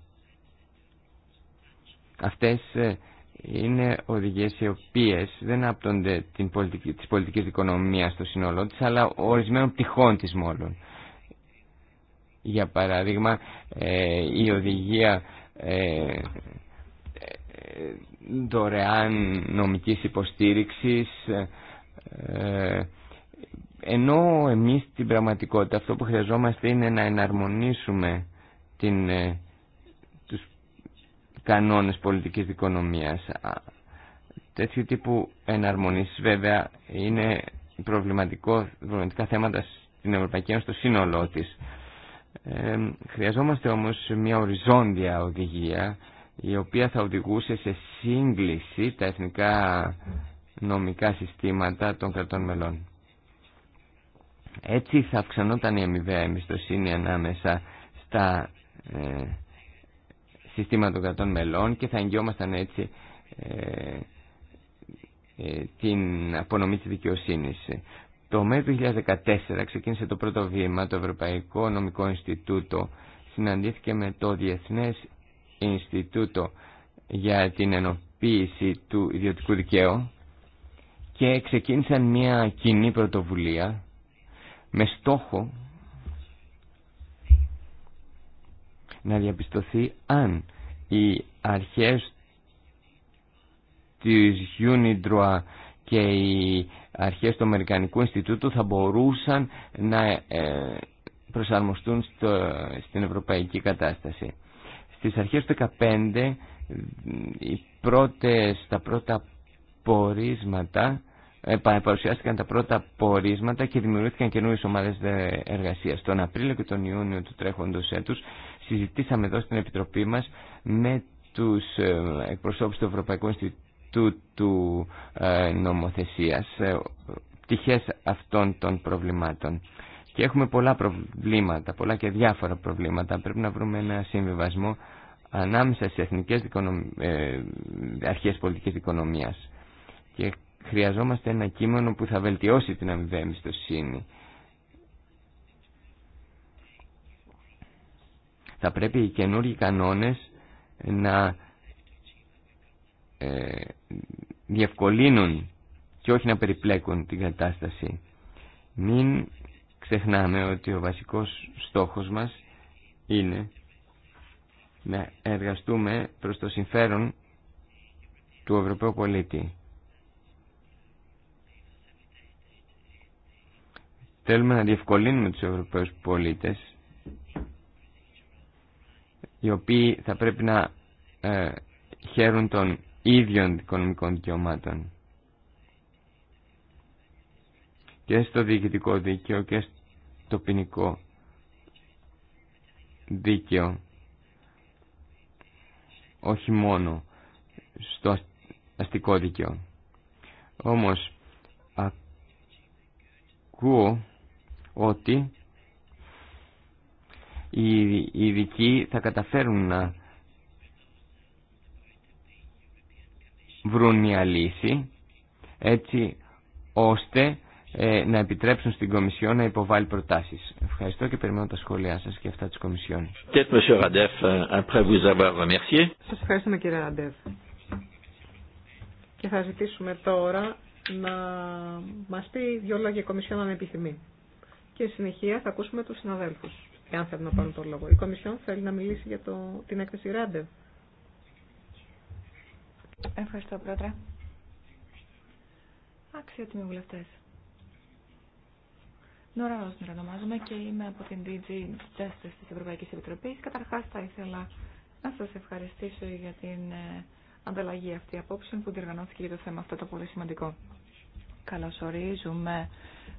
Αυτές ε, είναι οδηγίες οι οποίες δεν άπτονται την πολιτική, της πολιτικής οικονομίας στο σύνολό της, αλλά ορισμένων πτυχών της μόλων. Για παράδειγμα, ε, η οδηγία ε, δωρεάν νομικής υποστήριξης ενώ εμείς την πραγματικότητα αυτό που χρειαζόμαστε είναι να εναρμονίσουμε την κανόνες πολιτικής δικονομίας. Τέτοιου τύπου εναρμονίσεις βέβαια είναι προβληματικό, προβληματικά θέματα στην Ευρωπαϊκή Ένωση στο σύνολό της. Ε, χρειαζόμαστε όμως μια οριζόντια οδηγία η οποία θα οδηγούσε σε σύγκληση τα εθνικά νομικά συστήματα των κρατών μελών. Έτσι θα αυξανόταν η αμοιβαία εμπιστοσύνη ανάμεσα στα ε, συστήματα των κρατών μελών και θα εγγυόμασταν έτσι ε, ε την απονομή της δικαιοσύνης. Το Μέο του 2014 ξεκίνησε το πρώτο βήμα, το Ευρωπαϊκό Νομικό Ινστιτούτο συναντήθηκε με το Διεθνές Ινστιτούτο για την Ενοποίηση του Ιδιωτικού Δικαίου και ξεκίνησαν μια κοινή πρωτοβουλία με στόχο να διαπιστωθεί αν οι αρχές της UNIDROA και οι αρχές του Αμερικανικού Ινστιτούτου θα μπορούσαν να ε, προσαρμοστούν στην ευρωπαϊκή κατάσταση. Στις αρχές του 2015 οι πρώτες, τα πρώτα πορίσματα ε, παρουσιάστηκαν τα πρώτα πορίσματα και δημιουργήθηκαν καινούριε ομάδες εργασία. Τον Απρίλιο και τον Ιούνιο του τρέχοντος έτους, συζητήσαμε εδώ στην Επιτροπή μας με τους ε, εκπροσώπους του Ευρωπαϊκού Ινστιτούτου ε, Νομοθεσίας ε, πτυχές αυτών των προβλημάτων. Και έχουμε πολλά προβλήματα, πολλά και διάφορα προβλήματα. Πρέπει να βρούμε ένα συμβιβασμό ανάμεσα στις εθνικές δικονομ... αρχές πολιτικής οικονομίας. Και χρειαζόμαστε ένα κείμενο που θα βελτιώσει την αμοιβαία εμπιστοσύνη Θα πρέπει οι καινούργιοι κανόνες να ε, διευκολύνουν και όχι να περιπλέκουν την κατάσταση. Μην ξεχνάμε ότι ο βασικός στόχος μας είναι να εργαστούμε προς το συμφέρον του Ευρωπαίου πολίτη. Θέλουμε να διευκολύνουμε τους Ευρωπαίους πολίτες οι οποίοι θα πρέπει να ε, χαίρουν των ίδιων οικονομικών δικαιωμάτων. Και στο διοικητικό δίκαιο και στο ποινικό δίκαιο. Όχι μόνο στο αστικό δίκαιο. Όμως ακούω ότι οι ειδικοί θα καταφέρουν να βρουν μια λύση έτσι ώστε ε, να επιτρέψουν στην Κομισιόν να υποβάλει προτάσεις. Ευχαριστώ και περιμένω τα σχόλιά σας και αυτά της Κομισιόν. Σας ευχαριστούμε κύριε Ραντεύ. Και θα ζητήσουμε τώρα να μας πει δυο λόγια η Κομισιόν αν επιθυμεί. Και συνεχεία θα ακούσουμε τους συναδέλφους εάν θέλουν να πάρουν το λόγο. Η Κομισιόν θέλει να μιλήσει για το, την έκθεση ράντεβ. Ευχαριστώ, Πρόεδρε. Αξιότιμοι βουλευτέ. Νόρα Ρόσνερ ονομάζομαι και είμαι από την DG Justice της Ευρωπαϊκής Επιτροπής. Καταρχάς θα ήθελα να σας ευχαριστήσω για την ε, ανταλλαγή αυτή απόψεων που διοργανώθηκε για το θέμα αυτό το πολύ σημαντικό. ορίζουμε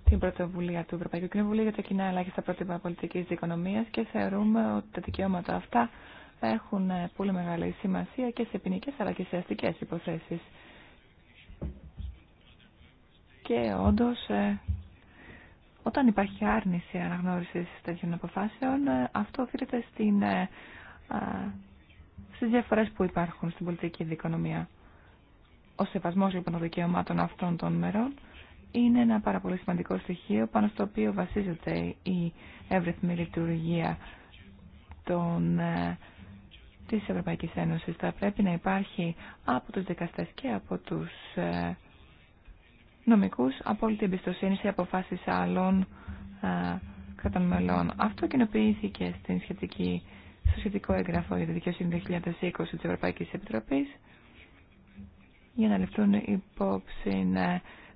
την πρωτοβουλία του Ευρωπαϊκού Κοινοβουλίου για τα κοινά ελάχιστα πρότυπα πολιτική δικονομία και θεωρούμε ότι τα δικαιώματα αυτά έχουν ε, πολύ μεγάλη σημασία και σε ποινικέ αλλά και σε αστικέ υποθέσει. Και όντω, ε, όταν υπάρχει άρνηση αναγνώριση τέτοιων αποφάσεων, ε, αυτό οφείλεται στην. Στις διαφορές που υπάρχουν στην πολιτική δικονομία. Ο σεβασμό λοιπόν των δικαιωμάτων αυτών των μερών είναι ένα πάρα πολύ σημαντικό στοιχείο πάνω στο οποίο βασίζεται η εύρυθμη λειτουργία των, ε, της Ευρωπαϊκής Ένωσης. Θα πρέπει να υπάρχει από τους δικαστές και από τους ε, νομικούς απόλυτη εμπιστοσύνη σε αποφάσεις άλλων ε, κρατομελών. Αυτό κοινοποιήθηκε στην στο σχετικό έγγραφο για τη δικαιοσύνη 2020 της Ευρωπαϊκής Επιτροπής για να ληφθούν υπόψη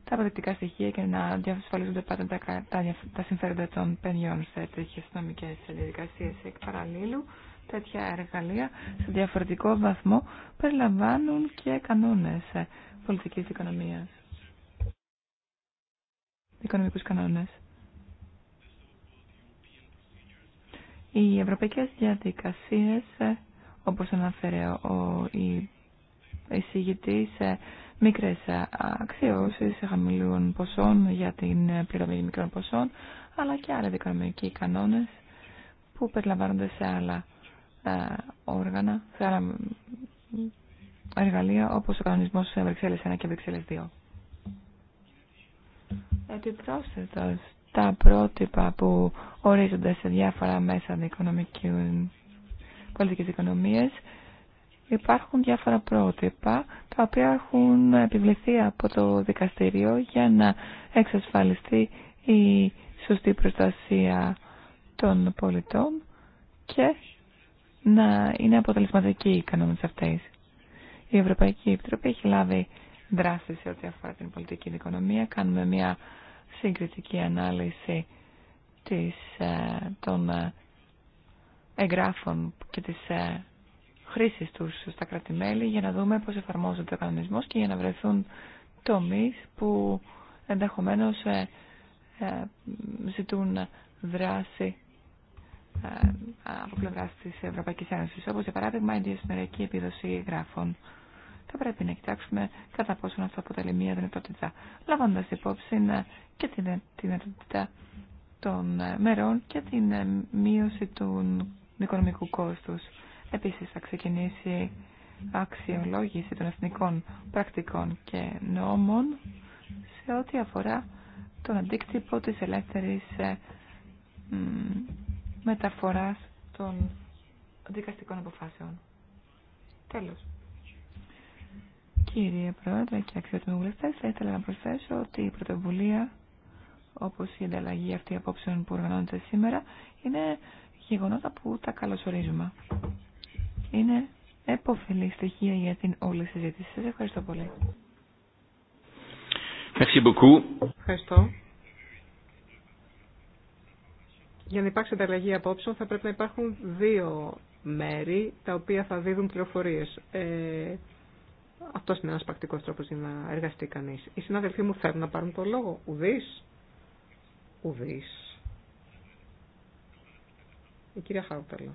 τα αποδεικτικά στοιχεία και να διασφαλίζονται πάντα τα, συμφέροντα των παιδιών σε τέτοιε νομικέ διαδικασίε. Εκ παραλίλου, τέτοια εργαλεία σε διαφορετικό βαθμό περιλαμβάνουν και κανόνε πολιτική οικονομία. Οικονομικού κανόνε. Οι ευρωπαϊκέ διαδικασίε, ε, όπω αναφέρει ο εισηγητής, ε, μικρές αξιώσεις χαμηλών ποσών για την πληρωμή μικρών ποσών, αλλά και άλλοι δικονομικοί κανόνες που περιλαμβάνονται σε άλλα ε, όργανα, σε άλλα εργαλεία όπως ο κανονισμός σε 1 και Βρυξέλλες 2. Επιπρόσθετα, τα πρότυπα που ορίζονται σε διάφορα μέσα πολιτικές οικονομίες Υπάρχουν διάφορα πρότυπα τα οποία έχουν επιβληθεί από το δικαστήριο για να εξασφαλιστεί η σωστή προστασία των πολιτών και να είναι αποτελεσματικοί οι κανόνες αυτές. Η Ευρωπαϊκή Επιτροπή έχει λάβει δράση σε ό,τι αφορά την πολιτική οικονομία. Κάνουμε μια συγκριτική ανάλυση της, ε, των ε, εγγράφων και της ε, χρήση τους στα κρατη για να δούμε πώς εφαρμόζεται ο κανονισμός και για να βρεθούν τομείς που ενδεχομένως ε, ε, ζητούν δράση ε, από πλευρά τη Ευρωπαϊκή Ένωση, όπω για παράδειγμα η διασυνοριακή επίδοση γράφων. Θα πρέπει να κοιτάξουμε κατά πόσον αυτό αποτελεί μια δυνατότητα, λαμβάνοντα υπόψη και την δυνατότητα των μερών και την μείωση του οικονομικού κόστου. Επίσης θα ξεκινήσει αξιολόγηση των εθνικών πρακτικών και νόμων σε ό,τι αφορά τον αντίκτυπο της ελεύθερης ε, μεταφοράς των δικαστικών αποφάσεων. Τέλος. Κύριε Πρόεδρε και αξιότιμοι βουλευτές, θα ήθελα να προσθέσω ότι η πρωτοβουλία, όπως η ανταλλαγή αυτή απόψεων που οργανώνεται σήμερα, είναι γεγονότα που τα καλωσορίζουμε είναι επωφελή στοιχεία για την όλη συζήτηση. Σας ευχαριστώ πολύ. Ευχαριστώ. Για να υπάρξει ανταλλαγή απόψεων θα πρέπει να υπάρχουν δύο μέρη τα οποία θα δίδουν πληροφορίες. Ε, αυτό είναι ένας πρακτικός τρόπος για να εργαστεί κανείς. Οι συνάδελφοί μου θέλουν να πάρουν το λόγο. Ουδής. Ουδής. Η κυρία Χάουταλα.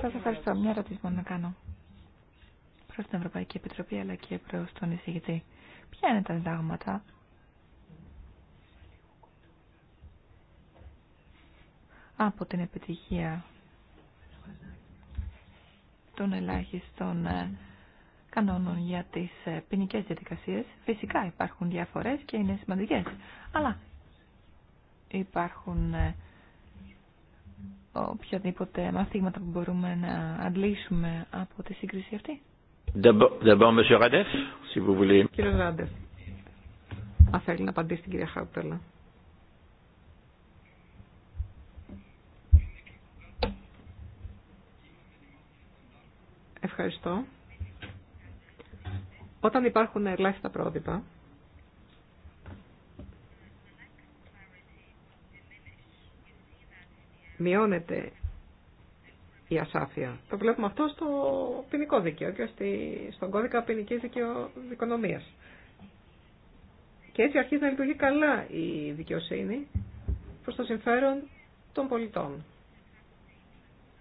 Σας ευχαριστώ. Μια ερώτηση μόνο να κάνω προς την Ευρωπαϊκή Επιτροπή αλλά και προς τον εισηγητή. Ποια είναι τα διδάγματα από την επιτυχία των ελάχιστων ε, κανόνων για τις ε, ποινικέ διαδικασίες. Φυσικά υπάρχουν διαφορές και είναι σημαντικές, αλλά υπάρχουν ε, οποιαδήποτε μαθήματα που μπορούμε να αντλήσουμε από τη σύγκριση αυτή. D'abord, si vous voulez. Κύριε Ράντεφ, αν θέλει να απαντήσει την κυρία Χάρτελα. Ευχαριστώ. Όταν υπάρχουν ελάχιστα πρότυπα, μειώνεται η ασάφεια. Το βλέπουμε αυτό στο ποινικό δίκαιο και στη, στον κώδικα ποινική δικαιοδικονομίας. Και έτσι αρχίζει να λειτουργεί καλά η δικαιοσύνη προ το συμφέρον των πολιτών.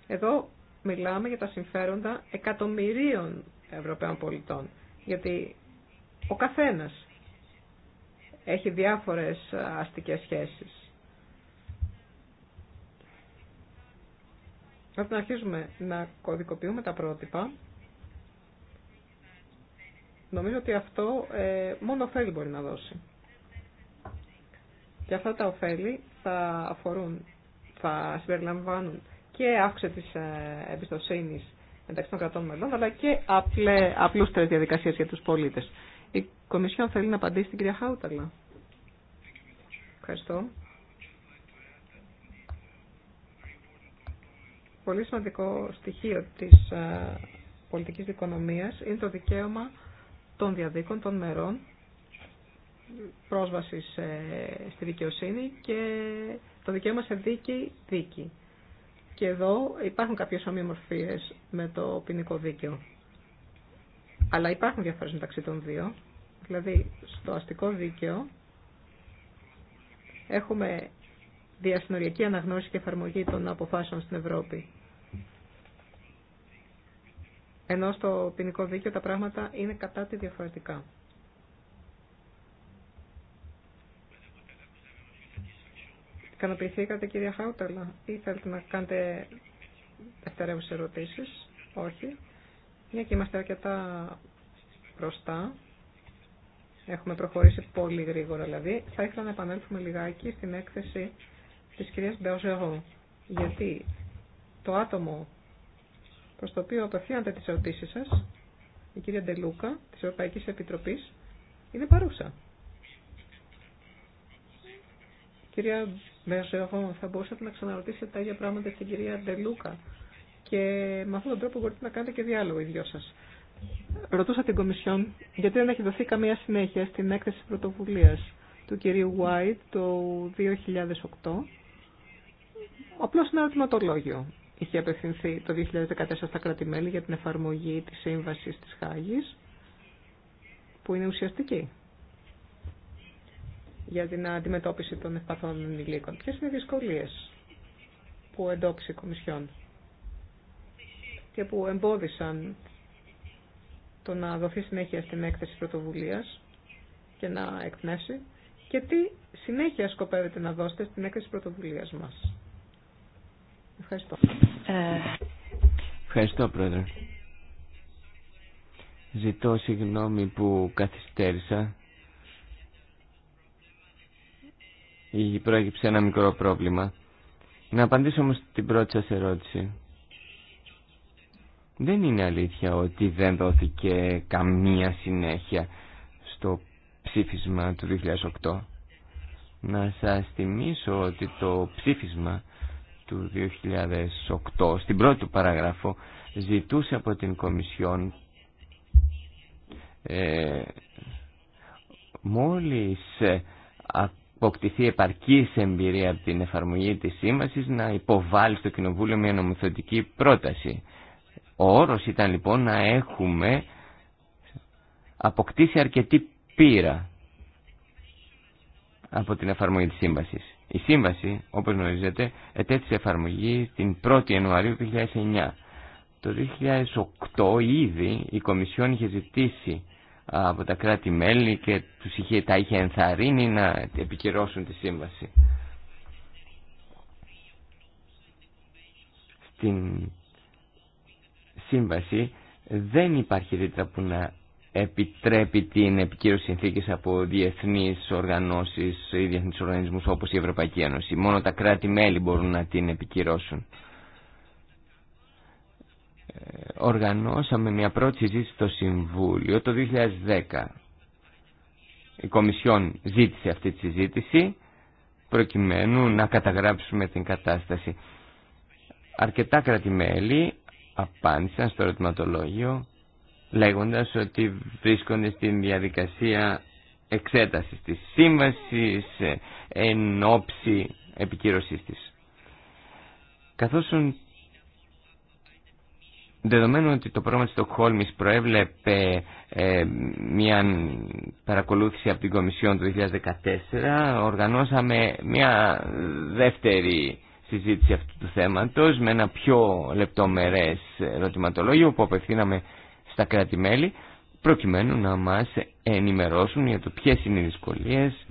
Εδώ μιλάμε για τα συμφέροντα εκατομμυρίων Ευρωπαίων πολιτών. Γιατί ο καθένας έχει διάφορες αστικές σχέσεις Όταν αρχίζουμε να κωδικοποιούμε τα πρότυπα, νομίζω ότι αυτό ε, μόνο ωφέλη μπορεί να δώσει. Και αυτά τα ωφέλη θα αφορούν, θα συμπεριλαμβάνουν και αύξηση της ε, εμπιστοσύνης μεταξύ των κρατών μελών, αλλά και απλέ, απλούστερες διαδικασίες για τους πολίτες. Η Κομισιόν θέλει να απαντήσει την κυρία Χάουταλα. Ευχαριστώ. πολύ σημαντικό στοιχείο της ε, πολιτικής δικονομίας είναι το δικαίωμα των διαδίκων, των μερών, πρόσβαση στη δικαιοσύνη και το δικαίωμα σε δίκη δίκη. Και εδώ υπάρχουν κάποιες ομοιομορφίες με το ποινικό δίκαιο. Αλλά υπάρχουν διαφορές μεταξύ των δύο. Δηλαδή, στο αστικό δίκαιο έχουμε διασυνοριακή αναγνώριση και εφαρμογή των αποφάσεων στην Ευρώπη. Ενώ στο ποινικό δίκαιο τα πράγματα είναι κατά τη διαφορετικά. Κανοποιηθήκατε κυρία Χάουτελα. ή θέλετε να κάνετε δευτερεύουσες ερωτήσεις. Όχι. Μια και είμαστε αρκετά μπροστά. Έχουμε προχωρήσει πολύ γρήγορα δηλαδή. Θα ήθελα να επανέλθουμε λιγάκι στην έκθεση της κυρίας Μπεοζερό, γιατί το άτομο προς το οποίο απευθύνατε τις ερωτήσεις σας, η κυρία Ντελούκα της Ευρωπαϊκής Επιτροπής, είναι παρούσα. Κυρία Μπεοζερό, θα μπορούσατε να ξαναρωτήσετε τα ίδια πράγματα στην κυρία Ντελούκα και με αυτόν τον τρόπο μπορείτε να κάνετε και διάλογο οι δυο σας. Ρωτούσα την Κομισιόν γιατί δεν έχει δοθεί καμία συνέχεια στην έκθεση πρωτοβουλία του κυρίου White το 2008 απλώς ένα ερωτηματολόγιο είχε απευθυνθεί το 2014 στα κράτη-μέλη για την εφαρμογή τη σύμβαση τη Χάγη, που είναι ουσιαστική για την αντιμετώπιση των ευπαθών ενηλίκων. Ποιε είναι οι δυσκολίε που εντόπισε η Κομισιόν και που εμπόδισαν το να δοθεί συνέχεια στην έκθεση πρωτοβουλία και να εκπνεύσει και τι συνέχεια σκοπεύετε να δώσετε στην έκθεση πρωτοβουλία μας. Ευχαριστώ. Ευχαριστώ, Πρόεδρε. Ζητώ συγγνώμη που καθυστέρησα. Προέκυψε ένα μικρό πρόβλημα. Να απαντήσω όμως την πρώτη σας ερώτηση. Δεν είναι αλήθεια ότι δεν δόθηκε καμία συνέχεια στο ψήφισμα του 2008. Να σας θυμίσω ότι το ψήφισμα του 2008, στην πρώτη του παράγραφο, ζητούσε από την Κομισιόν ε, μόλις ε, αποκτηθεί επαρκής εμπειρία από την εφαρμογή της σύμβασης να υποβάλει στο Κοινοβούλιο μια νομοθετική πρόταση. Ο όρος ήταν λοιπόν να έχουμε αποκτήσει αρκετή πείρα από την εφαρμογή της σύμβασης. Η σύμβαση, όπως γνωρίζετε, ετέθησε εφαρμογή την 1η Ιανουαρίου 2009. Το 2008 ήδη η Κομισιόν είχε ζητήσει από τα κράτη-μέλη και τους είχε, τα είχε ενθαρρύνει να επικυρώσουν τη σύμβαση. Στην σύμβαση δεν υπάρχει ρήτρα που να επιτρέπει την επικύρωση συνθήκη από διεθνείς οργανώσεις ή διεθνείς οργανισμούς όπως η διεθνει οργανισμου οπως Ένωση. Μόνο τα κράτη-μέλη μπορούν να την επικυρώσουν. Ε, οργανώσαμε μια πρώτη συζήτηση στο Συμβούλιο το 2010. Η Κομισιόν ζήτησε αυτή τη συζήτηση προκειμένου να καταγράψουμε την κατάσταση. Αρκετά κράτη-μέλη απάντησαν στο ερωτηματολόγιο λέγοντας ότι βρίσκονται στην διαδικασία εξέτασης της σύμβασης ε, εν ώψη επικύρωσής της. Καθώς δεδομένου ότι το πρόγραμμα της Στοκχόλμης προέβλεπε ε, μια παρακολούθηση από την Κομισιόν του 2014, οργανώσαμε μια δεύτερη συζήτηση αυτού του θέματος με ένα πιο λεπτομερές ερωτηματολόγιο που απευθύναμε στα κράτη-μέλη προκειμένου να μας ενημερώσουν για το ποιες είναι οι δυσκολίες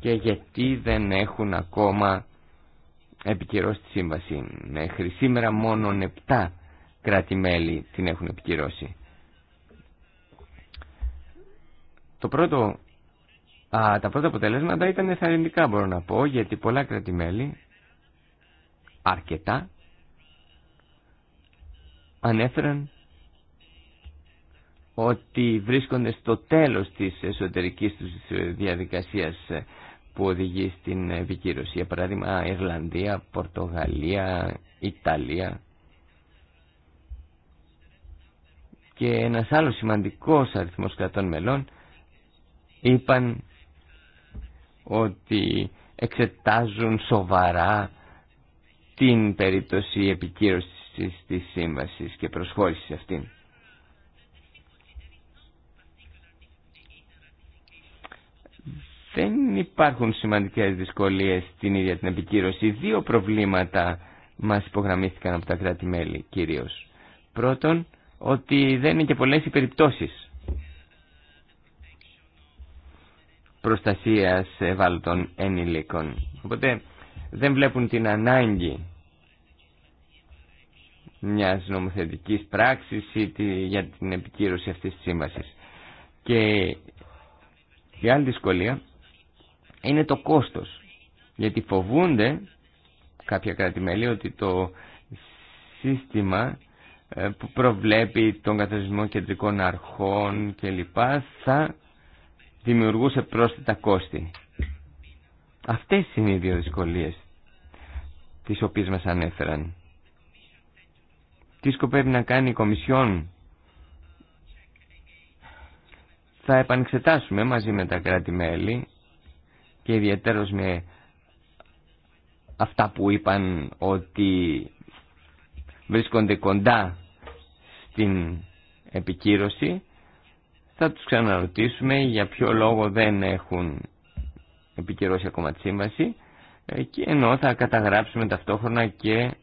και γιατί δεν έχουν ακόμα επικυρώσει τη σύμβαση. Μέχρι σήμερα μόνο 7 κράτη-μέλη την έχουν επικυρώσει. Το πρώτο, α, τα πρώτα αποτελέσματα ήταν εθαρρυντικά μπορώ να πω γιατί πολλά κράτη-μέλη αρκετά ανέφεραν ότι βρίσκονται στο τέλος της εσωτερικής τους διαδικασίας που οδηγεί στην επικύρωση. Για παράδειγμα, Ιρλανδία, Πορτογαλία, Ιταλία. Και ένας άλλος σημαντικός αριθμός κρατών μελών είπαν ότι εξετάζουν σοβαρά την περίπτωση επικύρωσης της σύμβασης και προσχώρησης αυτήν. Δεν υπάρχουν σημαντικές δυσκολίες στην ίδια την επικύρωση. Δύο προβλήματα μας υπογραμμίστηκαν από τα κράτη-μέλη κυρίως. Πρώτον, ότι δεν είναι και πολλές οι περιπτώσεις προστασίας ευάλωτων ενηλίκων. Οπότε δεν βλέπουν την ανάγκη μιας νομοθετικής πράξης για την επικύρωση αυτής της σύμβασης. Και η άλλη δυσκολία είναι το κόστος. Γιατί φοβούνται κάποια ότι το σύστημα ε, που προβλέπει τον καθορισμό κεντρικών αρχών κλπ. θα δημιουργούσε πρόσθετα κόστη. Αυτές είναι οι δύο δυσκολίες τις οποίες μας ανέφεραν. Τι σκοπεύει να κάνει η Κομισιόν. Θα επανεξετάσουμε μαζί με τα κράτη-μέλη και ιδιαίτερος με αυτά που είπαν ότι βρίσκονται κοντά στην επικύρωση θα τους ξαναρωτήσουμε για ποιο λόγο δεν έχουν επικυρώσει ακόμα τη σύμβαση ε, και ενώ θα καταγράψουμε ταυτόχρονα και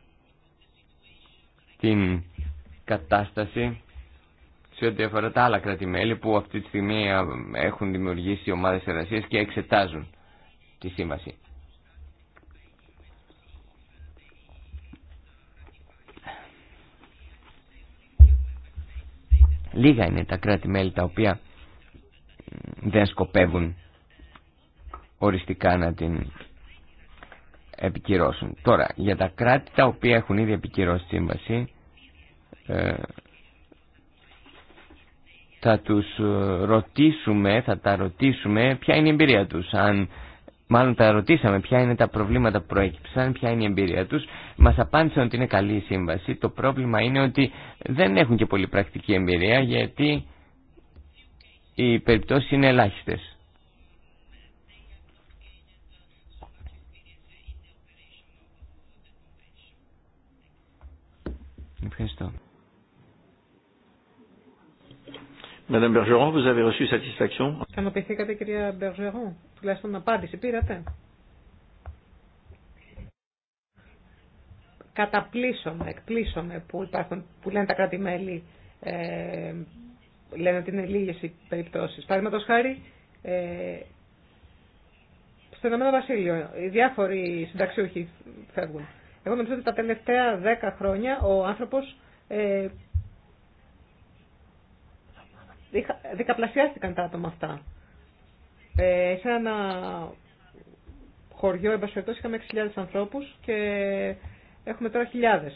την κατάσταση σε ό,τι αφορά τα άλλα κρατημέλη που αυτή τη στιγμή έχουν δημιουργήσει ομάδες εργασίας και εξετάζουν τη σύμβαση. Λίγα είναι τα κράτη-μέλη τα οποία δεν σκοπεύουν οριστικά να την επικυρώσουν. Τώρα, για τα κράτη τα οποία έχουν ήδη επικυρώσει τη σύμβαση, ε, θα τους ε, ρωτήσουμε, θα τα ρωτήσουμε ποια είναι η εμπειρία τους, αν Μάλλον τα ρωτήσαμε ποια είναι τα προβλήματα που προέκυψαν, ποια είναι η εμπειρία τους. Μας απάντησαν ότι είναι καλή η σύμβαση. Το πρόβλημα είναι ότι δεν έχουν και πολύ πρακτική εμπειρία γιατί οι περιπτώσεις είναι ελάχιστες. Ευχαριστώ. Madame Bergeron, vous avez reçu satisfaction. κυρία Bergeron τουλάχιστον απάντηση πήρατε. Καταπλήσωμε, εκπλήσωμε που, υπάρχουν, που λένε τα κράτη-μέλη ε, λένε ότι είναι λίγες οι περιπτώσεις. Παραδείγματος χάρη, ε, στο Ηνωμένο Βασίλειο, οι διάφοροι συνταξιούχοι φεύγουν. Εγώ νομίζω ότι τα τελευταία δέκα χρόνια ο άνθρωπος ε, δικαπλασιάστηκαν τα άτομα αυτά. Ε, σε ένα χωριό, εν είχαμε 6.000 ανθρώπου και έχουμε τώρα χιλιάδες.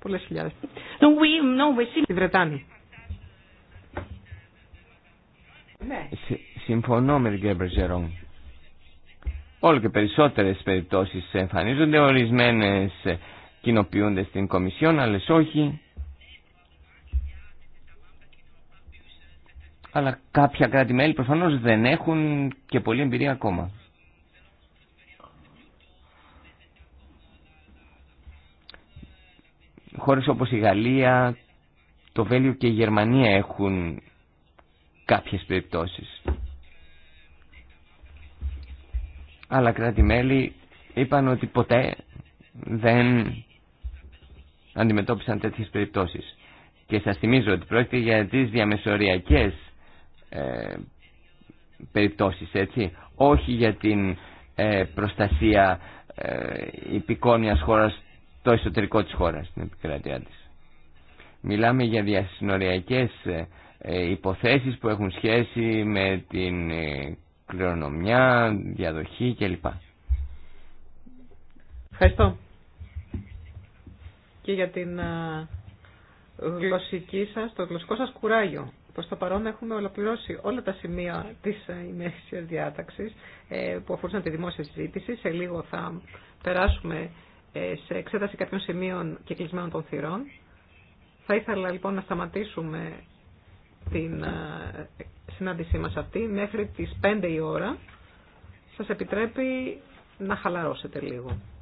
Πολλές χιλιάδες. No, no, ναι. Συμφωνώ με την κυρία Ζερόν. Όλο και περισσότερε περιπτώσει εμφανίζονται, Ορισμένε ε, κοινοποιούνται στην Κομισιόν, άλλες όχι. Αλλά κάποια κράτη-μέλη προφανώς δεν έχουν και πολλή εμπειρία ακόμα. Χώρες όπως η Γαλλία, το Βέλιο και η Γερμανία έχουν κάποιες περιπτώσεις. Άλλα κράτη-μέλη είπαν ότι ποτέ δεν αντιμετώπισαν τέτοιες περιπτώσεις. Και σας θυμίζω ότι πρόκειται για τις διαμεσοριακές ε, περιπτώσεις, έτσι. Όχι για την ε, προστασία ε, χώρας το εσωτερικό της χώρας, στην επικρατεία της. Μιλάμε για διασυνοριακές ε, ε, υποθέσεις που έχουν σχέση με την ε, κληρονομιά, διαδοχή κλπ. Ευχαριστώ. Και για την γλωσσική σας, το γλωσσικό σας κουράγιο. Προς το παρόν έχουμε ολοκληρώσει όλα τα σημεία της ε, ημέρησης διάταξης ε, που αφορούσαν τη δημόσια συζήτηση. Σε λίγο θα περάσουμε ε, σε εξέταση κάποιων σημείων και κλεισμένων των θυρών. Θα ήθελα λοιπόν να σταματήσουμε την συνάντησή μας αυτή μέχρι τις 5 η ώρα. Σας επιτρέπει να χαλαρώσετε λίγο.